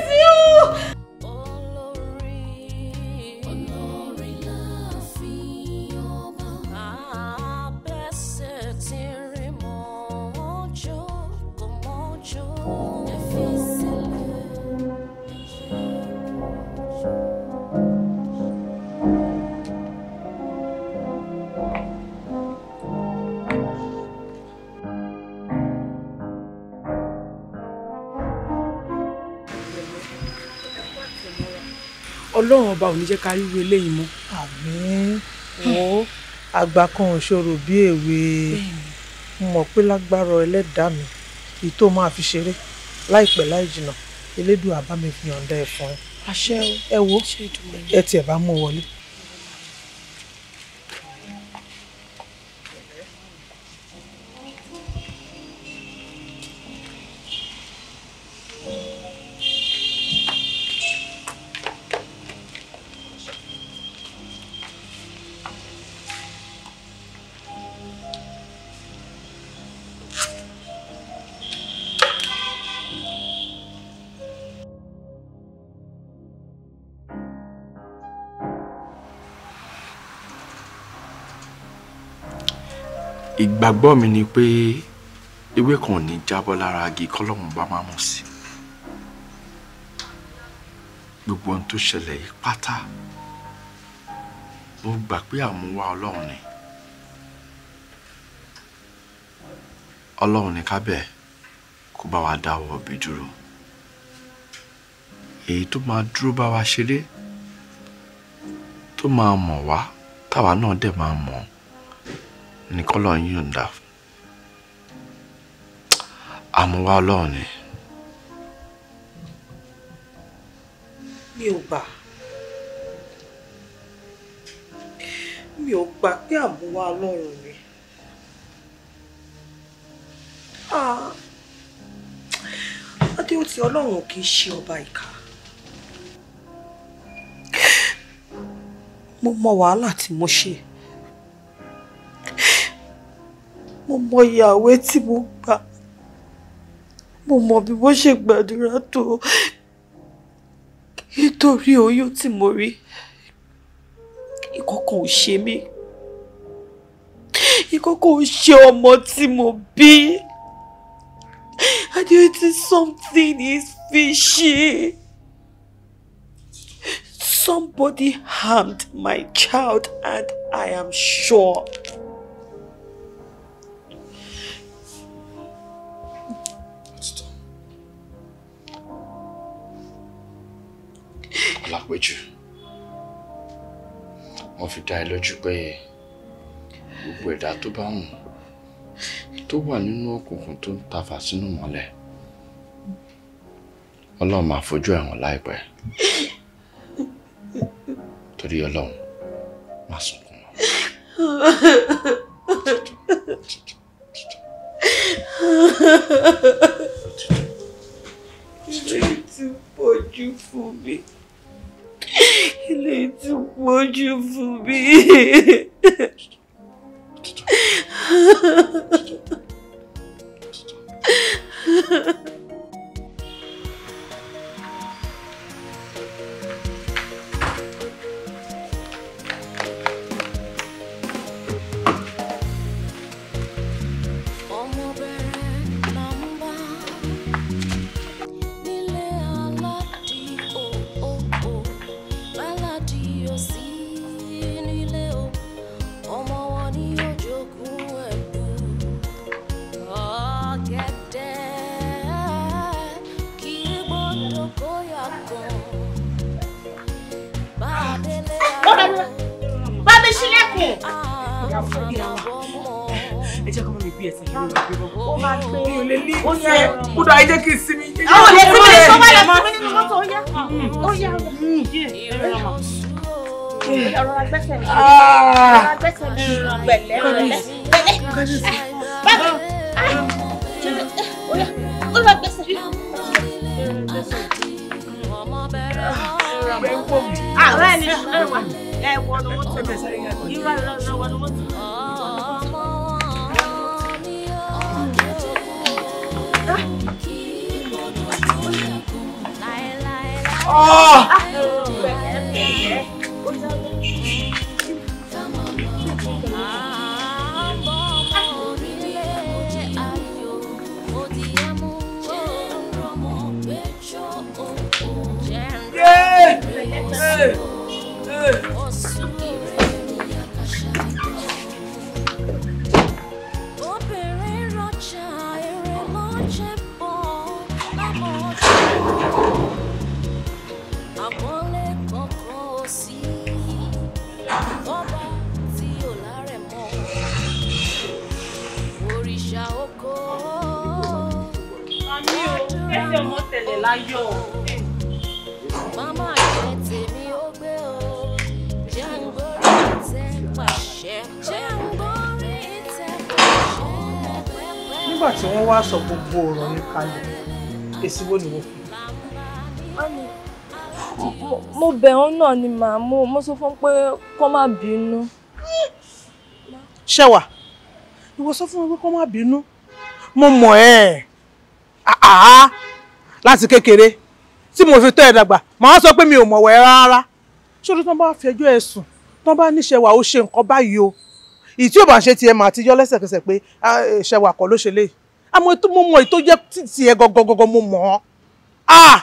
ọlọ́run ọba ò ní jẹ́ ká ríru eléyìí mọ́. àmín wo àgbà kan ò ṣòro bí èwe mo mọ̀ pé lágbára ẹlẹ́dàá mi kì í tó máa fi ṣeré láìpẹ́ láì jìnnà elédùn àbá mi fi hàn ẹ̀ wo ẹ tiẹ̀ bá mú wọlé. ìgbàgbọ́ mi ni pé ewé kan ò ní jábọ́ lára agi kọ́lọ́mù bá máa mú sí gbogbo ohun tó ṣẹlẹ̀ yìí pátá mo gbà pé àmúwá ọlọ́run ni ọlọ́run ní kábẹ̀ kó bá wa dáwọ́ ọ̀bì dúró èyí tó máa dúró bá wa ṣeré tó máa mọ̀ wá táwa náà dẹ̀ máa mọ̀ ọ́ ní kọ́lọ̀ ń yọ̀ǹda àmúwá ọlọ́run ni. mi ò gbà mi ò gbà pé àmúwá ọlọ́run ni adéòtí ọlọ́run kì í ṣe ọba ìkà mo mọ wàhálà tí mo ṣe. mo mọ ìyàwó tí mo gbà mo mọ bí wọ́n ṣe gbàdúrà tó nítorí oyún tí mo rí ìkọ̀kọ̀ ò ṣe mí ìkọ̀kọ̀ ò ṣe ọmọ tí mo bí adéyẹtì something is fishy. Somebody harmed my child and I am sure Ọlápẹ̀jù wọ́n fi dá ẹ lójú pé gbogbo ẹ̀dá tó bá wù tó wà nínú òkùnkùn tó ń tafà sínú mọ́lẹ̀ ọlọ́run máa fojú ẹ̀wọ̀n láìpẹ́ torí ọlọ́run má sunkún mọ́. Títí pọ̀jù fún mi. Ele é um motivo meu. ẹ jẹ́ kọ́ mọ́ mi bí ẹsẹ̀ yìí ló gbé bọ́. ó máa gbé mi ò lè ní ìfẹ́ ó dọ̀ ayé kí n sinmi. àwọn ò lè sinmi lè sọ bá yà sinmi nínú mọ́tò ó yá ó yá ó yá. ọ̀rọ̀ agbẹ́sẹ̀ mi ọ̀rọ̀ agbẹ́sẹ̀ mi pẹ̀lẹ́ pẹ̀lẹ́ pẹ̀lẹ́ báwo ó yá ó lọ gbẹ́sẹ̀. ọ̀rọ̀ ẹni ẹ̀wà ẹ wọ lọ́wọ́ tó irú àlọ́ lọ́wọ́ lọ́wọ́ tó. Oh! láyọ̀. màmá ìṣe tèmi ó gbé o jẹ́ ń gbórí ìtẹ́ pàṣẹ jẹ́ ń gbórí ìtẹ́ pàṣẹ. nígbà tí wọ́n wá sọ gbogbo ọ̀rọ̀ yẹn kalẹ̀ èsì wo ni wọ́n fún mo bẹ̀ wọ́n náà ni màá mú mo sọ fún pé kó má bínú. ṣẹwà ìwọ sọ fún mi pé kó má bínú mo mọ̀ ẹ́ àá ah, ah, ah láti kékeré tí mo fi tọ́ ẹ̀ dàgbà màá sọ pé mi ò mọ̀wẹ́ rárá ṣòro tí wọ́n bá fẹjọ́ ẹ̀ sùn tí wọ́n bá níṣẹ́ wà ó ṣe nǹkan báyìí o ìyí tí ò bá ṣe tiẹ̀ mà ti yọ lẹ́sẹ̀kẹsẹ̀ pé ṣe wà kọ́ ló ṣe léyìí àmọ́ tó mo mọ̀ tó jẹ́ tiẹ̀ gọ́gọ́gọ́gọ́ mo mọ̀ ọ́ ah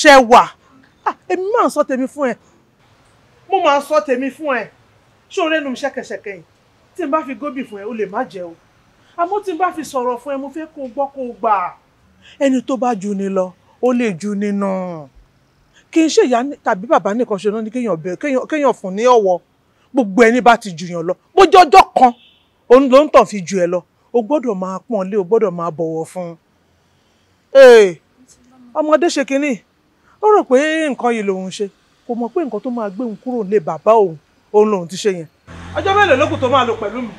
ṣe wà èmi máa ń sọ tèmi fún ẹ mo máa ń sọ tèmi fún ẹ ṣòro ẹnu mi ṣẹ̀kẹ̀ṣẹ̀kẹ̀ yìí tí n bá fi gómìn fún ẹ o lè má jẹ o àmọ́ tí n bá fi sọ̀rọ̀ fún ẹ mo fẹ́ kó o gbọ́ kó o gbà á ẹni tó bá ju ni lọ ó lè ju ni nà kì í ṣe ìyá tàbí bàbá nìkan ṣe náà ní kéèyàn fún ní ọ̀wọ̀ gbogbo ẹni bá ti jù yàn lọ bójú ọjọ́ kan òun ló ń tàn fi ju ẹ lọ o gbọ́dọ̀ máa pọ́n lé o gbọ́dọ̀ máa bọ̀wọ̀ fún un. ọmọdé ṣe kínní ó rò pé nǹkan yìí lòun ṣe kò mọ̀ pé nǹkan tó máa gbé òun kúrò lé bàbá òun òun lòun ti ṣe yẹn. ọjọ́ mélòó lókùn tó máa lò pẹ̀lú mi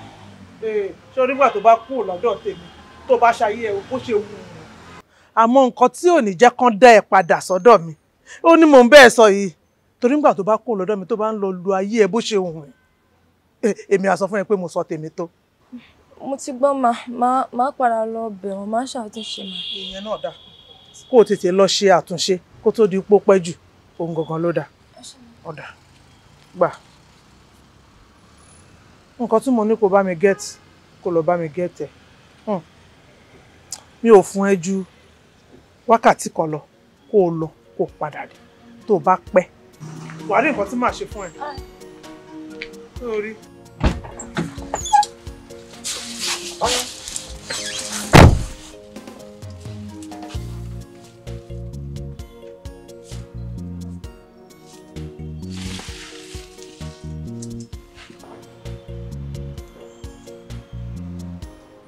ṣé onígbà tó bá kúrò lọ́dọ̀ tèmi tó bá ṣayé ẹ̀ o kó ṣe wù ú àmọ́ nǹkan tí ò ní jẹ́ kán dá ẹ padà sọ́dọ̀ mi ó ní mò ń bẹ́ẹ̀ sọ yìí torí nígbà tó bá kó lọ́dọ̀ mi tó bá ń lọ lu ayé ẹ bó ṣe hùn ẹ èmi á sọ fún ẹ pé mo sọ tèmi tó. mo ti gbọ́ máa máa padà lọ bẹ̀ wọ́n máa ṣàtúnṣe mà. ìyẹn náà dáa kó o tètè lọ ṣe àtúnṣe kó tó di ipò pẹ́ jù ohun gangan ló dáa ọ̀dà gbà nǹkan tí mo ní kó bá mi gẹ́ẹ̀tì kó lọ bá mi gẹ́ẹ̀tì ẹ̀ hmm. mi ò fún ẹ ju wákàtí kan lọ kó o lọ kó o padà dé tó o bá pẹ́ wàá rí nǹkan tí màá ṣe fún ẹ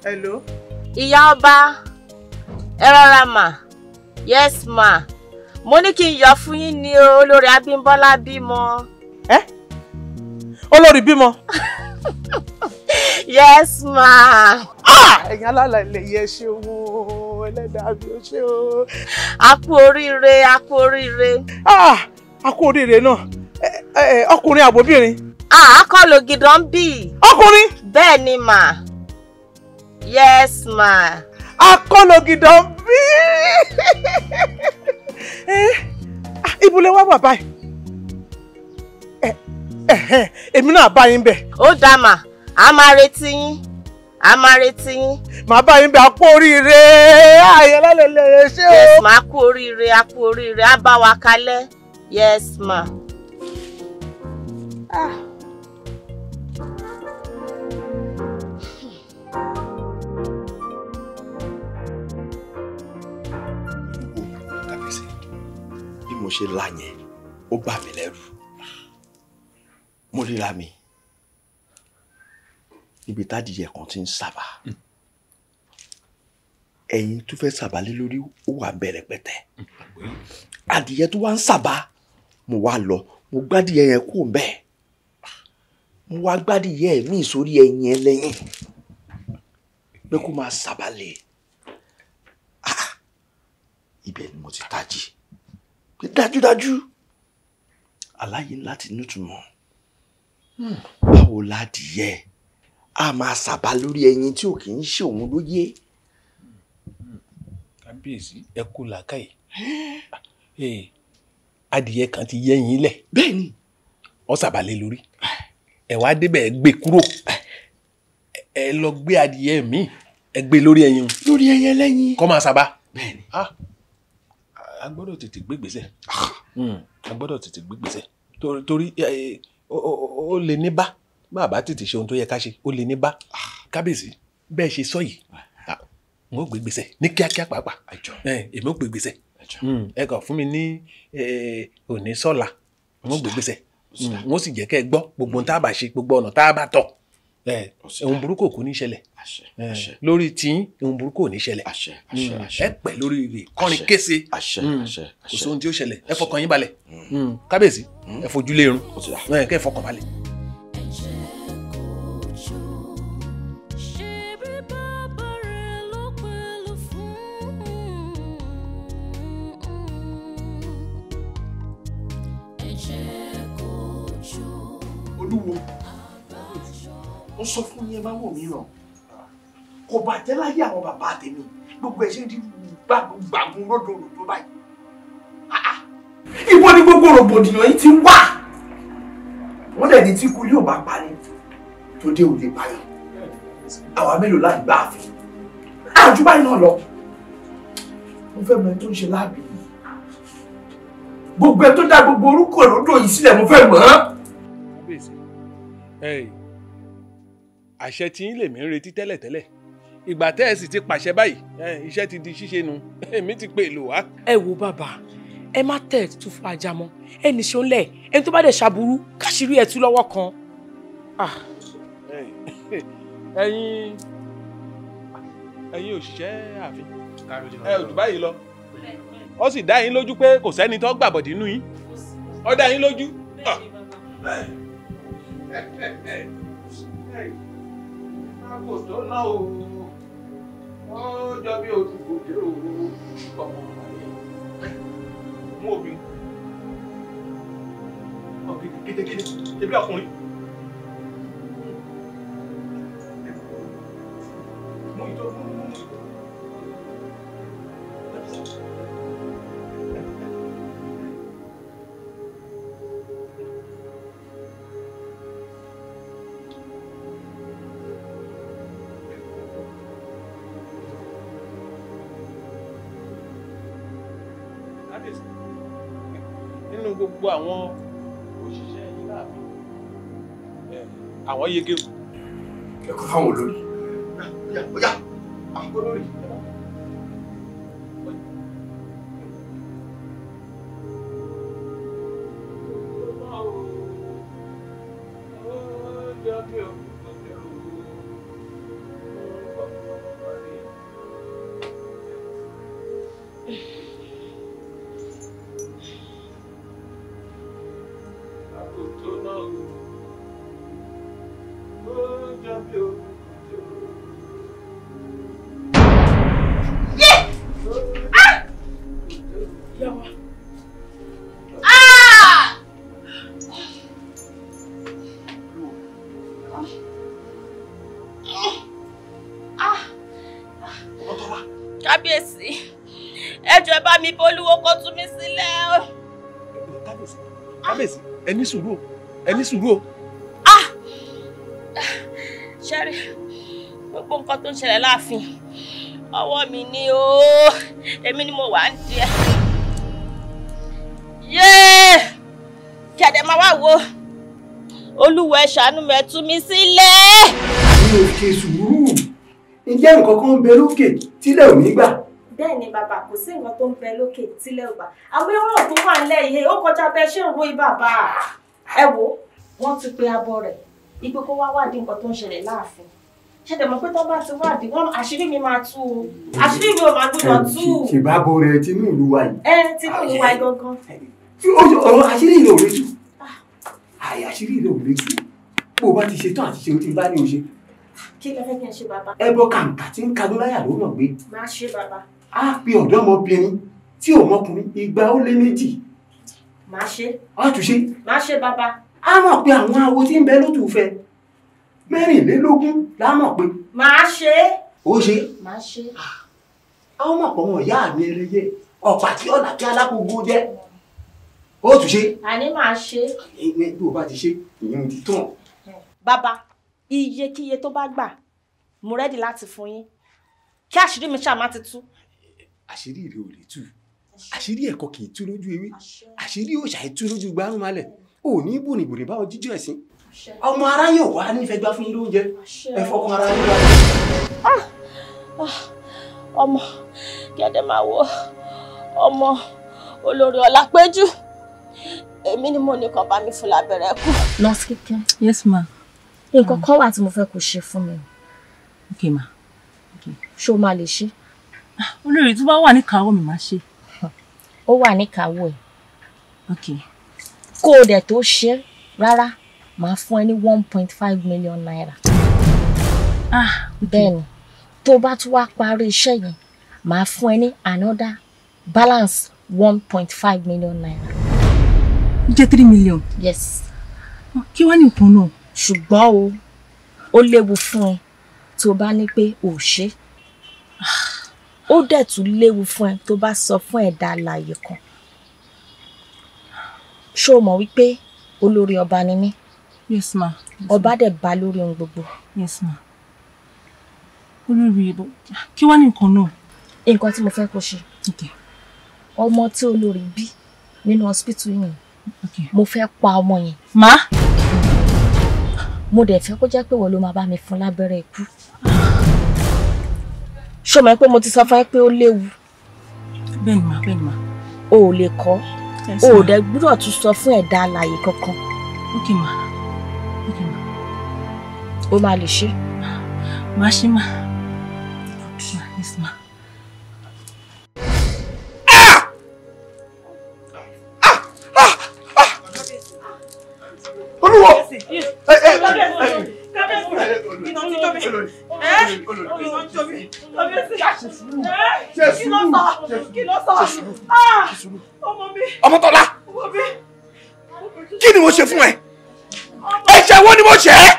Hello. Ìyá ọba, ẹ rọra mà. yes ma mo ní kí n yọ fún yín ni olórí Abímbọ́lá bímọ. ẹ olórí bímọ. yes ma. ẹ̀yin alálà ilẹ̀ yẹ ṣe wo ẹlẹ́dàá mi eleda ṣe o. a kú oríire a orire oríire. a kú naa náà ọkùnrin àbóbìnrin. àákọ́ lògìdán bi okunrin bẹ́ẹ̀ ni mà yes ma. akọ́lọ́gìdọ̀ ń bí. Eh, ah, ibùlẹ̀ wá wa yìí eh, eh, èmi náà bá yín bẹ̀. ó dáa mà á máa retí yín á máa retí yín. bá yín oríire ayọ̀lá lè lè yes ma kú oríire a kú oríire a bá wa yes ma. mo ṣe lá yẹn ó bà mí lẹ́rù mo ríra mi níbi tádìyẹ kan ti ń sábà ẹyin tó fẹ́ sábà lé lórí ó wà bẹ̀rẹ̀ pẹ̀tẹ́ adìyẹ tó wá ń sábà mo wá lọ mo gbádìyẹ yẹn kò bẹ́ẹ̀ mo wá gbádìyẹ mi sórí ẹyin ẹ pé kó máa sábà lé ah, ibẹ̀ ni mo ti tají pé dájúdájú aláyé láti nítumọ̀ hmm. báwo ládìyẹ a máa sàbà lórí ẹyin tí ò kì í ṣe òun ló yé. kábíyèsí ẹ kú làákàyè eh, adìyẹ kan ti yẹ yín lẹ. bẹ́ẹ̀ni. ọ sàbàlẹ lórí ẹ wá débẹ̀ ẹ gbé kúrò ẹ lọ gbé adìyẹ mi ẹ gbé lórí ẹyin. lórí ẹyin ẹlẹyin. kọ́ máa sábà. bẹ́ẹ̀ni. Ah a gbọ́dọ̀ tètè gbégbèsè ah. hmm. a gbọ́dọ̀ tètè gbégbèsè torí ó lè ní bá bá a bá tètè ṣe ohun tó yẹ ká ṣe ó lè ní bá ah. kábíyèsí bẹ́ẹ̀ ṣe sọ yìí wọn ah. ò gbégbèsè ní kíákíá pàápàá èmi ò gbégbèsè hmm. ẹ kàn fún mi ní òní sọ́la wọn ò gbégbèsè wọn ò sì jẹ́ kẹ́ ẹ gbọ́ gbogbo ohun tá a bá ṣe gbogbo ọ̀nà tá a bá tọ̀ ohun burúkú kò ní ṣẹlẹ̀ lórí tiyín ohun burúkú kò ní ṣẹlẹ̀ mm. ẹ pẹ́ lórí rẹ̀ kọrin kése mm. kò sóhun tí ó ṣẹlẹ̀ ẹ fọkàn yín balẹ̀ mm. kábíyèsí ẹ fojú lé irun kẹ́ ẹ fọkàn balẹ̀. olúwo mo sọ fún yín ẹ má wò mí ràn kò bàjẹ́ láyé àwọn bàbá tèmi gbogbo ẹ̀ ṣe di gbàgbọ́n lọ́dọ̀ lọ́dọ̀ báyìí. ibo ni gbogbo rògbòdìyàn yìí ti wà wọ́n dẹ̀ ní tí ikú yóò bá parí tó dé òde báyọ̀ àwa mélòó láì gbá àfin àjù báyìí náà lọ mo fẹ́ mọ ẹni tó ń ṣe láàbì yìí gbogbo ẹ tó dá gbogbo orúkọ lọ́dọ̀ yìí sílẹ̀ mo fẹ́ mọ̀ ọ́n àṣẹ tí yín lèmi ń retí tẹ́lẹ̀tẹ́lẹ̀ ìgbà tẹ́ ẹ sì ti pàṣẹ báyìí iṣẹ́ ti di ṣíṣe nu èmi ti pè lò wá. ẹ wo bàbá ẹ má tẹ̀ tún fún ajá mọ́ ẹnì ṣó ń lẹ̀ ẹni tó bá dẹ̀ ṣàbùrú káṣírí ẹ̀ tú lọ́wọ́ kan. Ah. ẹ̀yin ẹ̀yin òṣìṣẹ́ ààfin ẹ ò jù báyìí lọ ó sì dá yín lójú pé kò sẹ́ni tó gbàbọ̀dì nínú yín ó dá yín lójú. Ah. Hey, hey kò tó náà o wọ́n jọ bí ojú kò dé o ọmọ mú obìnrin ọ̀gbìn kétékété ebi ọkùnrin. Muito bom. àwọn yege o. kẹkọọ fáwọn olórí. ọyà ọyà àwọn olórí. Yeah, yeah. ẹ ní sùúrù ẹ ní sùúrù o. Ah! ṣẹ́rí gbogbo nǹkan tó ń ṣẹlẹ̀ láàfin ọwọ́ mi ni o èmi ni mo wà ń di ẹ. yéé kẹ̀dẹ̀ máa wá wo olúwa ẹ ṣàánú mi ẹ tú mi sílẹ̀. mi ò ṣe sùúrù ǹjẹ́ nǹkan kan ń bẹ lókè tílẹ̀ ò ní gbà bẹ́ẹ̀ ni bàbá kò sí nǹkan tó ń bẹ lókè tílẹ̀ ò bá àwọn ẹ̀rọ tó wà nílẹ̀ yìí ó kọjá bẹ́ẹ̀ ṣé òwò ìbàbà ẹ wo wọ́n ti pe abọ́ rẹ̀ ipe kó wá wádìí nǹkan tó ń ṣẹlẹ̀ láàfin ṣe dẹ̀ mọ̀ pé tó bá ti wádìí wọ́n àṣírí mi máa tú o àṣírí mi ò máa gbọ́dọ̀ tú o. ṣèbábo rẹ tinú ìlú wa yìí. ẹ tinú ìlú wa yìí gangan. ọ̀rọ̀ àṣírí ìlú òwe tù àyè àṣírí ìlú òwe tù bó o bá ti ṣe tán àti ṣe o ti bá ní o ṣe. kí lẹ fẹ́ kí n ṣe bàbá. ẹbọ kàǹkà tí ń kadó láyà ló mọ̀ gbé. má ṣe bàbá á pe ọ̀dọ́mọbìnrin tí ò mọkùnrin igba ó lé méjì. má ṣe. á tún ṣe. má ṣe bàbá. a mọ̀ pé àwọn awo tí ń bẹ lótùúfẹ́ mẹ́rìnlélógún la mọ̀ pé. má ṣe. ó ṣe. má ṣe. á mọ̀ pọ̀ wọn ìyá mi ẹlẹ́yẹ ọ̀pá tí ọ̀nà tí alákòógó jẹ́ ó tún ṣe. àní máa ṣe. ẹgbẹ́ bí o bá ti ṣe ìyẹn ti tán. bàbá iyekíye tó bá gbà mo rẹ́dì láti fún yín kí àṣírí mi ṣáà má ti tú àṣírí rẹ ò lè tú àṣírí ẹ̀kọ kì í tú lójú ewé àṣírí òòṣà ẹ̀ tú lójú gbárùn malẹ̀ ò ní bòrìbòrì bá ọjíjọ ẹ̀sìn ọmọ aráyè wà nífẹ̀ẹ́ gbá fún yín lóúnjẹ ẹ fọkàn ara yín lọ. Ah, ah, ọmọ gẹ́gẹ́ máa wo ọmọ olórí Ọlápéjú èmi ni mo ní kàn bá mi fún lábẹ́rẹ́ kù. nọ́ọ̀sì kíkẹ́. yes ma. nǹkan kan wà tí mo fẹ́ kó ṣe fún mi. ok ma. ṣé o máa lè ṣe é? olórí tó bá wà níkàáwọ́ mi máa ṣe. ó wà níkàáwọ́ ẹ̀. ok. kó o dẹ̀ tó ṣe rárá màá fún ẹ ní one point five million naira. ah ok bẹ́ẹ̀ ni tó bá tún wá parí iṣẹ́ yẹn màá fún ẹ ní another balance one point five million naira. ó jẹ́ three million. yes. kí wàá ní nǹkan náà. ṣùgbọ́n o ó léwu fún ẹ tó bá ní pé ò ṣe ó dẹ̀ tún léwu fún ẹ tó bá sọ fún ẹ̀dá alààyè kan ṣó o mọ̀ wípé olórí ọba ni mí yes ma ọba dẹ̀ bá lórí ohun gbogbo yes ma olórí ìbò kí wá ní nǹkan náà. nǹkan tí mo fẹ́ kó ṣe ọmọ tí olórí bí nínú hospital yìí mo fẹ́ pa ọmọ yẹn. má. mo dẹ̀ fẹ́ kó jẹ́ pé wọ́n ló máa bá mi fún lábẹ́rẹ́ ikú ṣó mọ̀ pé mo ti sọ fún ẹ pé ó léwu. bẹ́ẹ̀ni mà bẹ́ẹ̀ni mà. o ò lè kọ́ o ò dẹ̀ gbúdọ̀ tún sọ fún ẹ̀dá alààyè kankan. ókè mà ókè mà. o máa lè ṣe. màá ṣe mà. ọmọtọ́lá kí ni mo ṣe fún ẹ ẹ̀ṣẹ̀ wo ni mo ṣe ẹ́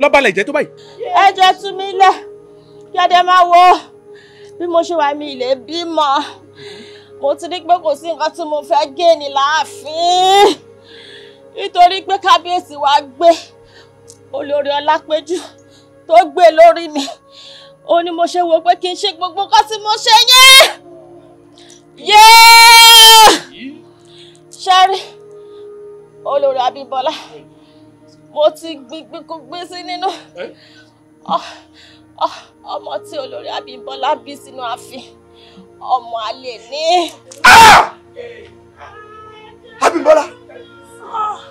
lọ́balẹ̀ ìjẹ́ tó báyìí. ẹ jẹ́ tú mi lẹ̀ kí ẹdẹ máa wo bí mo ṣe wà mí ilé bímọ mo ti rí pé kò sí nǹkan tí mo fẹ́ gé ní láàfin nítorí pé kábíyèsí wa gbé olórí Ọlápéjú tó gbé lórí mi ó ní mo ṣe wo pé kí n ṣe gbogbo nǹkan tí mo ṣe yẹn yéé ṣẹ́rí olórí Abímbọ́lá mo ti gbígbí kú gbé sí nínú ọmọ tí olórí Abímbọ́lá bí sínú ààfin ọmọ àlè ní. Ah! Abímbọ́lá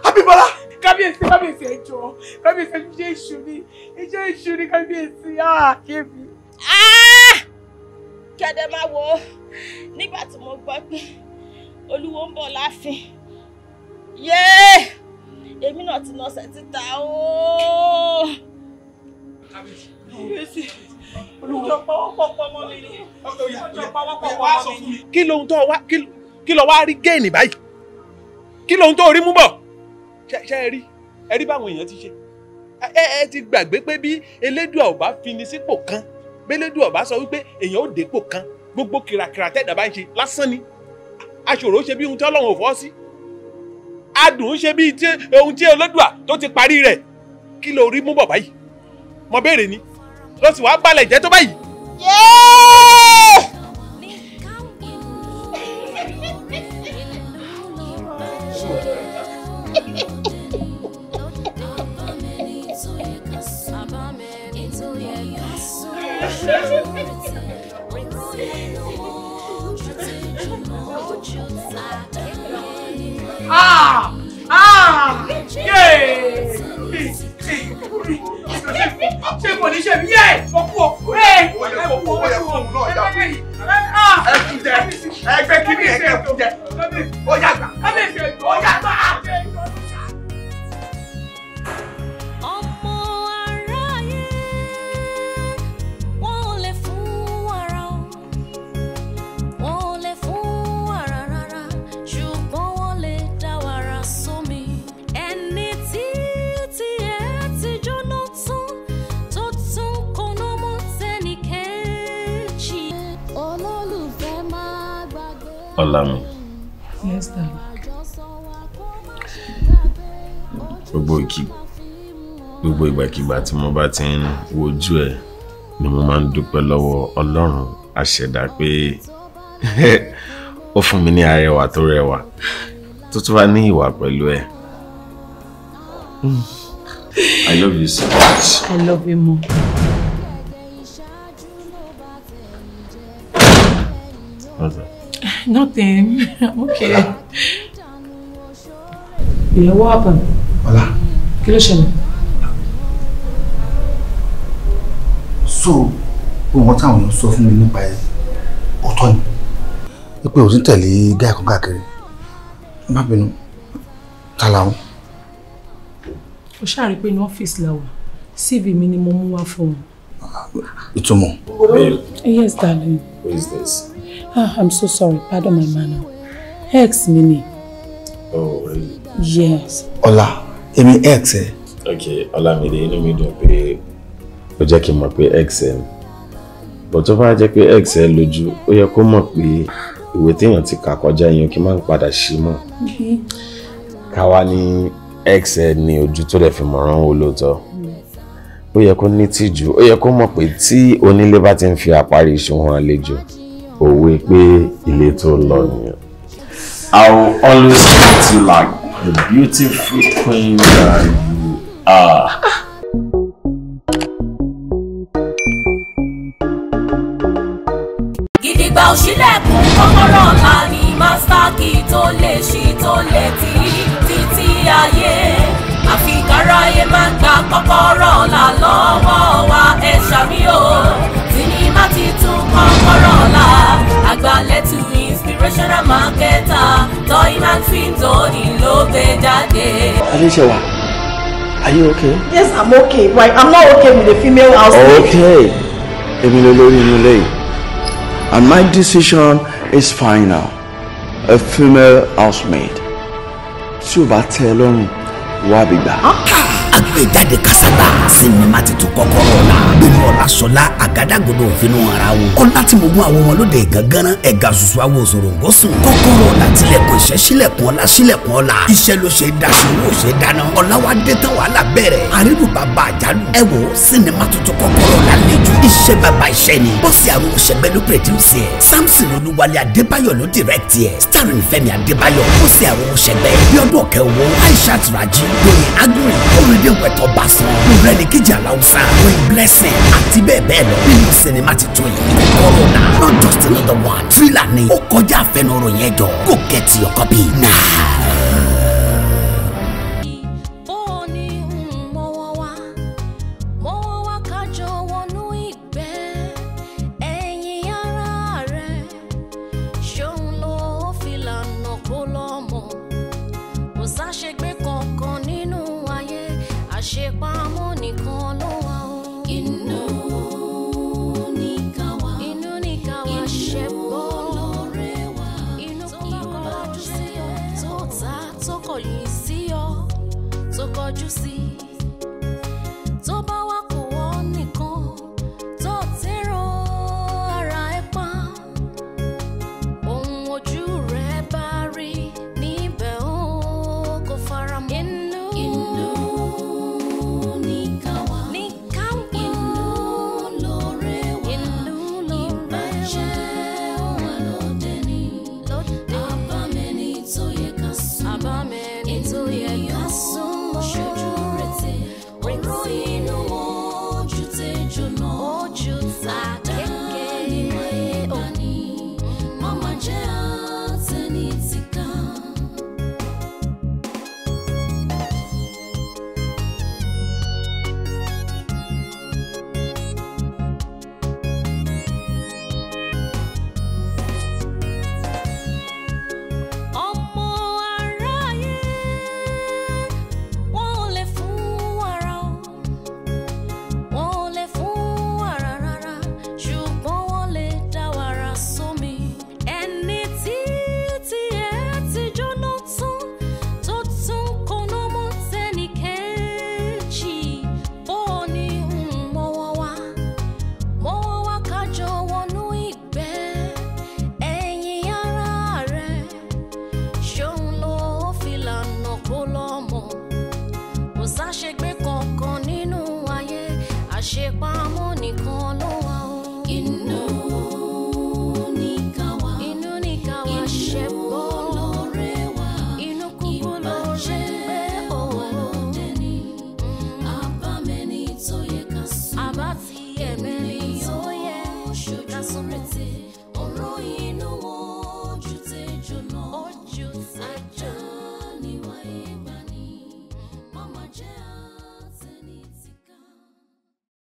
Abímbọ́lá kábíyèsí kábíyèsí ẹjọ kábíyèsí ẹjọ èṣù ni ẹjọ èṣù ni kábíyèsí àkébí. Ah, kẹ́dẹ̀ ah! máa wọ nígbà tí mo gbọ́ pé olúwo ń bọ̀ láàfin yéé èmi náà ti nọ sẹ́títà ooo. kábíyèsí olùjọ pọwọ́pọ̀pọ̀ mọ́ mi ni olùjọ pọwọ́pọ̀pọ̀ mọ́ mi ni. kí ló ń tọ́ wa kí ló wá rí géènì báyìí kí ló ń tó orí mú bọ̀ ṣe ẹ rí ẹ rí báwọn èèyàn ti ṣe ẹ ẹ ti gbàgbé pé bí elédùà ò bá fini sípò kan bélédùà ò bá sọ wípé èèyàn ò dépò kan gbogbo kìràkìrà tẹ̀dá bá ń ṣe lásán ni aṣòro ṣe bí ohun tí ọlọ́run ò fọ́ sí adùn ṣe bí ohun tí olódùà tó ti parí rẹ̀ kí ló rí mú bọ̀ báyìí mo béèrè ni ló sì wáá balẹ̀ jẹ́ tó báyìí. Yeah! Ah! Ah! Yeah! ṣe kò ní ṣe bí ẹ ọkú ọkú ẹ ẹkú ọkú ọkú ẹ ẹkú jẹ ẹgbẹ kí ni ẹgbẹ kú jẹ ó yàgbà. Salami. Yes, darling. Gbogbo ìkí gbogbo ìgbàkigbà tí mo bá ti ń wojú ẹ ni mo máa ń dúpẹ́ lọ́wọ́ Ọlọ́run àṣẹ̀dá pé ó fún mi ní arẹwà tó rẹwà tó tún wá ní ìwà pẹ̀lú ẹ. Mm. I love you so much. I love you more. Nothing. I'm okay. Ola. Yeah, what happened? Ola. Kí ló ṣẹlẹ̀? So, ohun táwọn èèyàn sọ fún mi nípa ẹ, ọ̀tọ̀ ni. Wípé òun tẹ̀lé gáì kan káàkiri. Má bínú, ta làwọn? Ó ṣàrí pé ní ọ́fíìsì làwọn, CV mi ni mo mú wá fún wọn. Yes, darling. What is this? Ah, I'm so sorry. Pardon my manner. Ex mi Oh, really? Yes. Ọlá, èmi ex eh. Okay, Ola, me mi dùn pé ó jẹ́ kí n mọ̀ pé ex eh. But tó bá jẹ́ pe ex ẹ lójú, ó yẹ kó mọ̀ pé ìwé téèyàn ti kà kọjá yẹn kí n máa ń padà ṣí mọ́. Mm-hmm. Káwa ní ex ẹ ní ojú tó lè fi mọ̀ràn wo lóòótọ́. Ó yẹ kó ní tìjú, ó yẹ kó mọ̀ pé tí onílé bá ti ń fi àparí ìṣòwò hàn àlejò òwe pé ilé tó ń lọ nìyẹn. I will always treat you like the beautiful queen that you are. Gidigba òṣìlẹ̀kùn kọ́kọ́rọ́ ọ̀la ni master key tó lè ṣí tó lè tì í títí ayé. Àfi káráyé máa gba kọ́kọ́rọ́ ọ̀la lọ́wọ́ wa ẹ̀ ṣàmì o. Balẹ̀tù inspirational marketer Toyman Films òní ló gbé jáde. Adéṣèwà, are you okay? Yes, I'm okay, but I'm not okay with a female housemate. Okay, èmi ló lórí inú ilé and my decision is final. A female housemaid tí o bá tẹ́ ẹ lọ́rùn wá bí gbà. Ah, àgbéjáde kásábà sinimá ti tu kọ́kọ́rọ́ la gbẹmí ọ̀làṣọlá àgádágodo òfinú ara wo ọlá tí mo mú àwọn ọmọ lóde gangan ẹ̀ga ṣoṣo àwọn òṣòro ń gọ́sùn kọ́kọ́rọ́ ọ̀la tilẹ̀kùn iṣẹ́ sílẹ̀kùn ọ̀la sílẹ̀kùn ọ̀la iṣẹ́ ló ṣe daṣẹ́ owó ṣe dáná ọ̀la wa dé tán wàhálà bẹ̀rẹ̀ àrírù bàbá àjálù ẹ wo sinimá tuntun kọ́kọ́rọ́ ọ̀la lẹ́jù iṣẹ́ bàbá iṣẹ́ ni bọ́sì àrùn òṣègbè ló pèdíùsì ẹ̀ samson olúwalé adébáyọ̀ ló dìrẹ́kìtì ẹ̀ starring fẹ́mi adébáyọ̀ bọ́sì àrùn òṣègbè bíọ́dún ọ̀kẹ́ owó aishat raji lórí agri pẹ̀tọ́ bá fún un. ìrẹ́ ni kejì aláwùsá win blessing àti bẹ́ẹ̀ bẹ́ẹ̀ lọ nínú sinimá ti tún yìí. corona not just another one thriller ni ó kọjá àfẹnuròyìn ẹjọ́ go get your copy now. you see.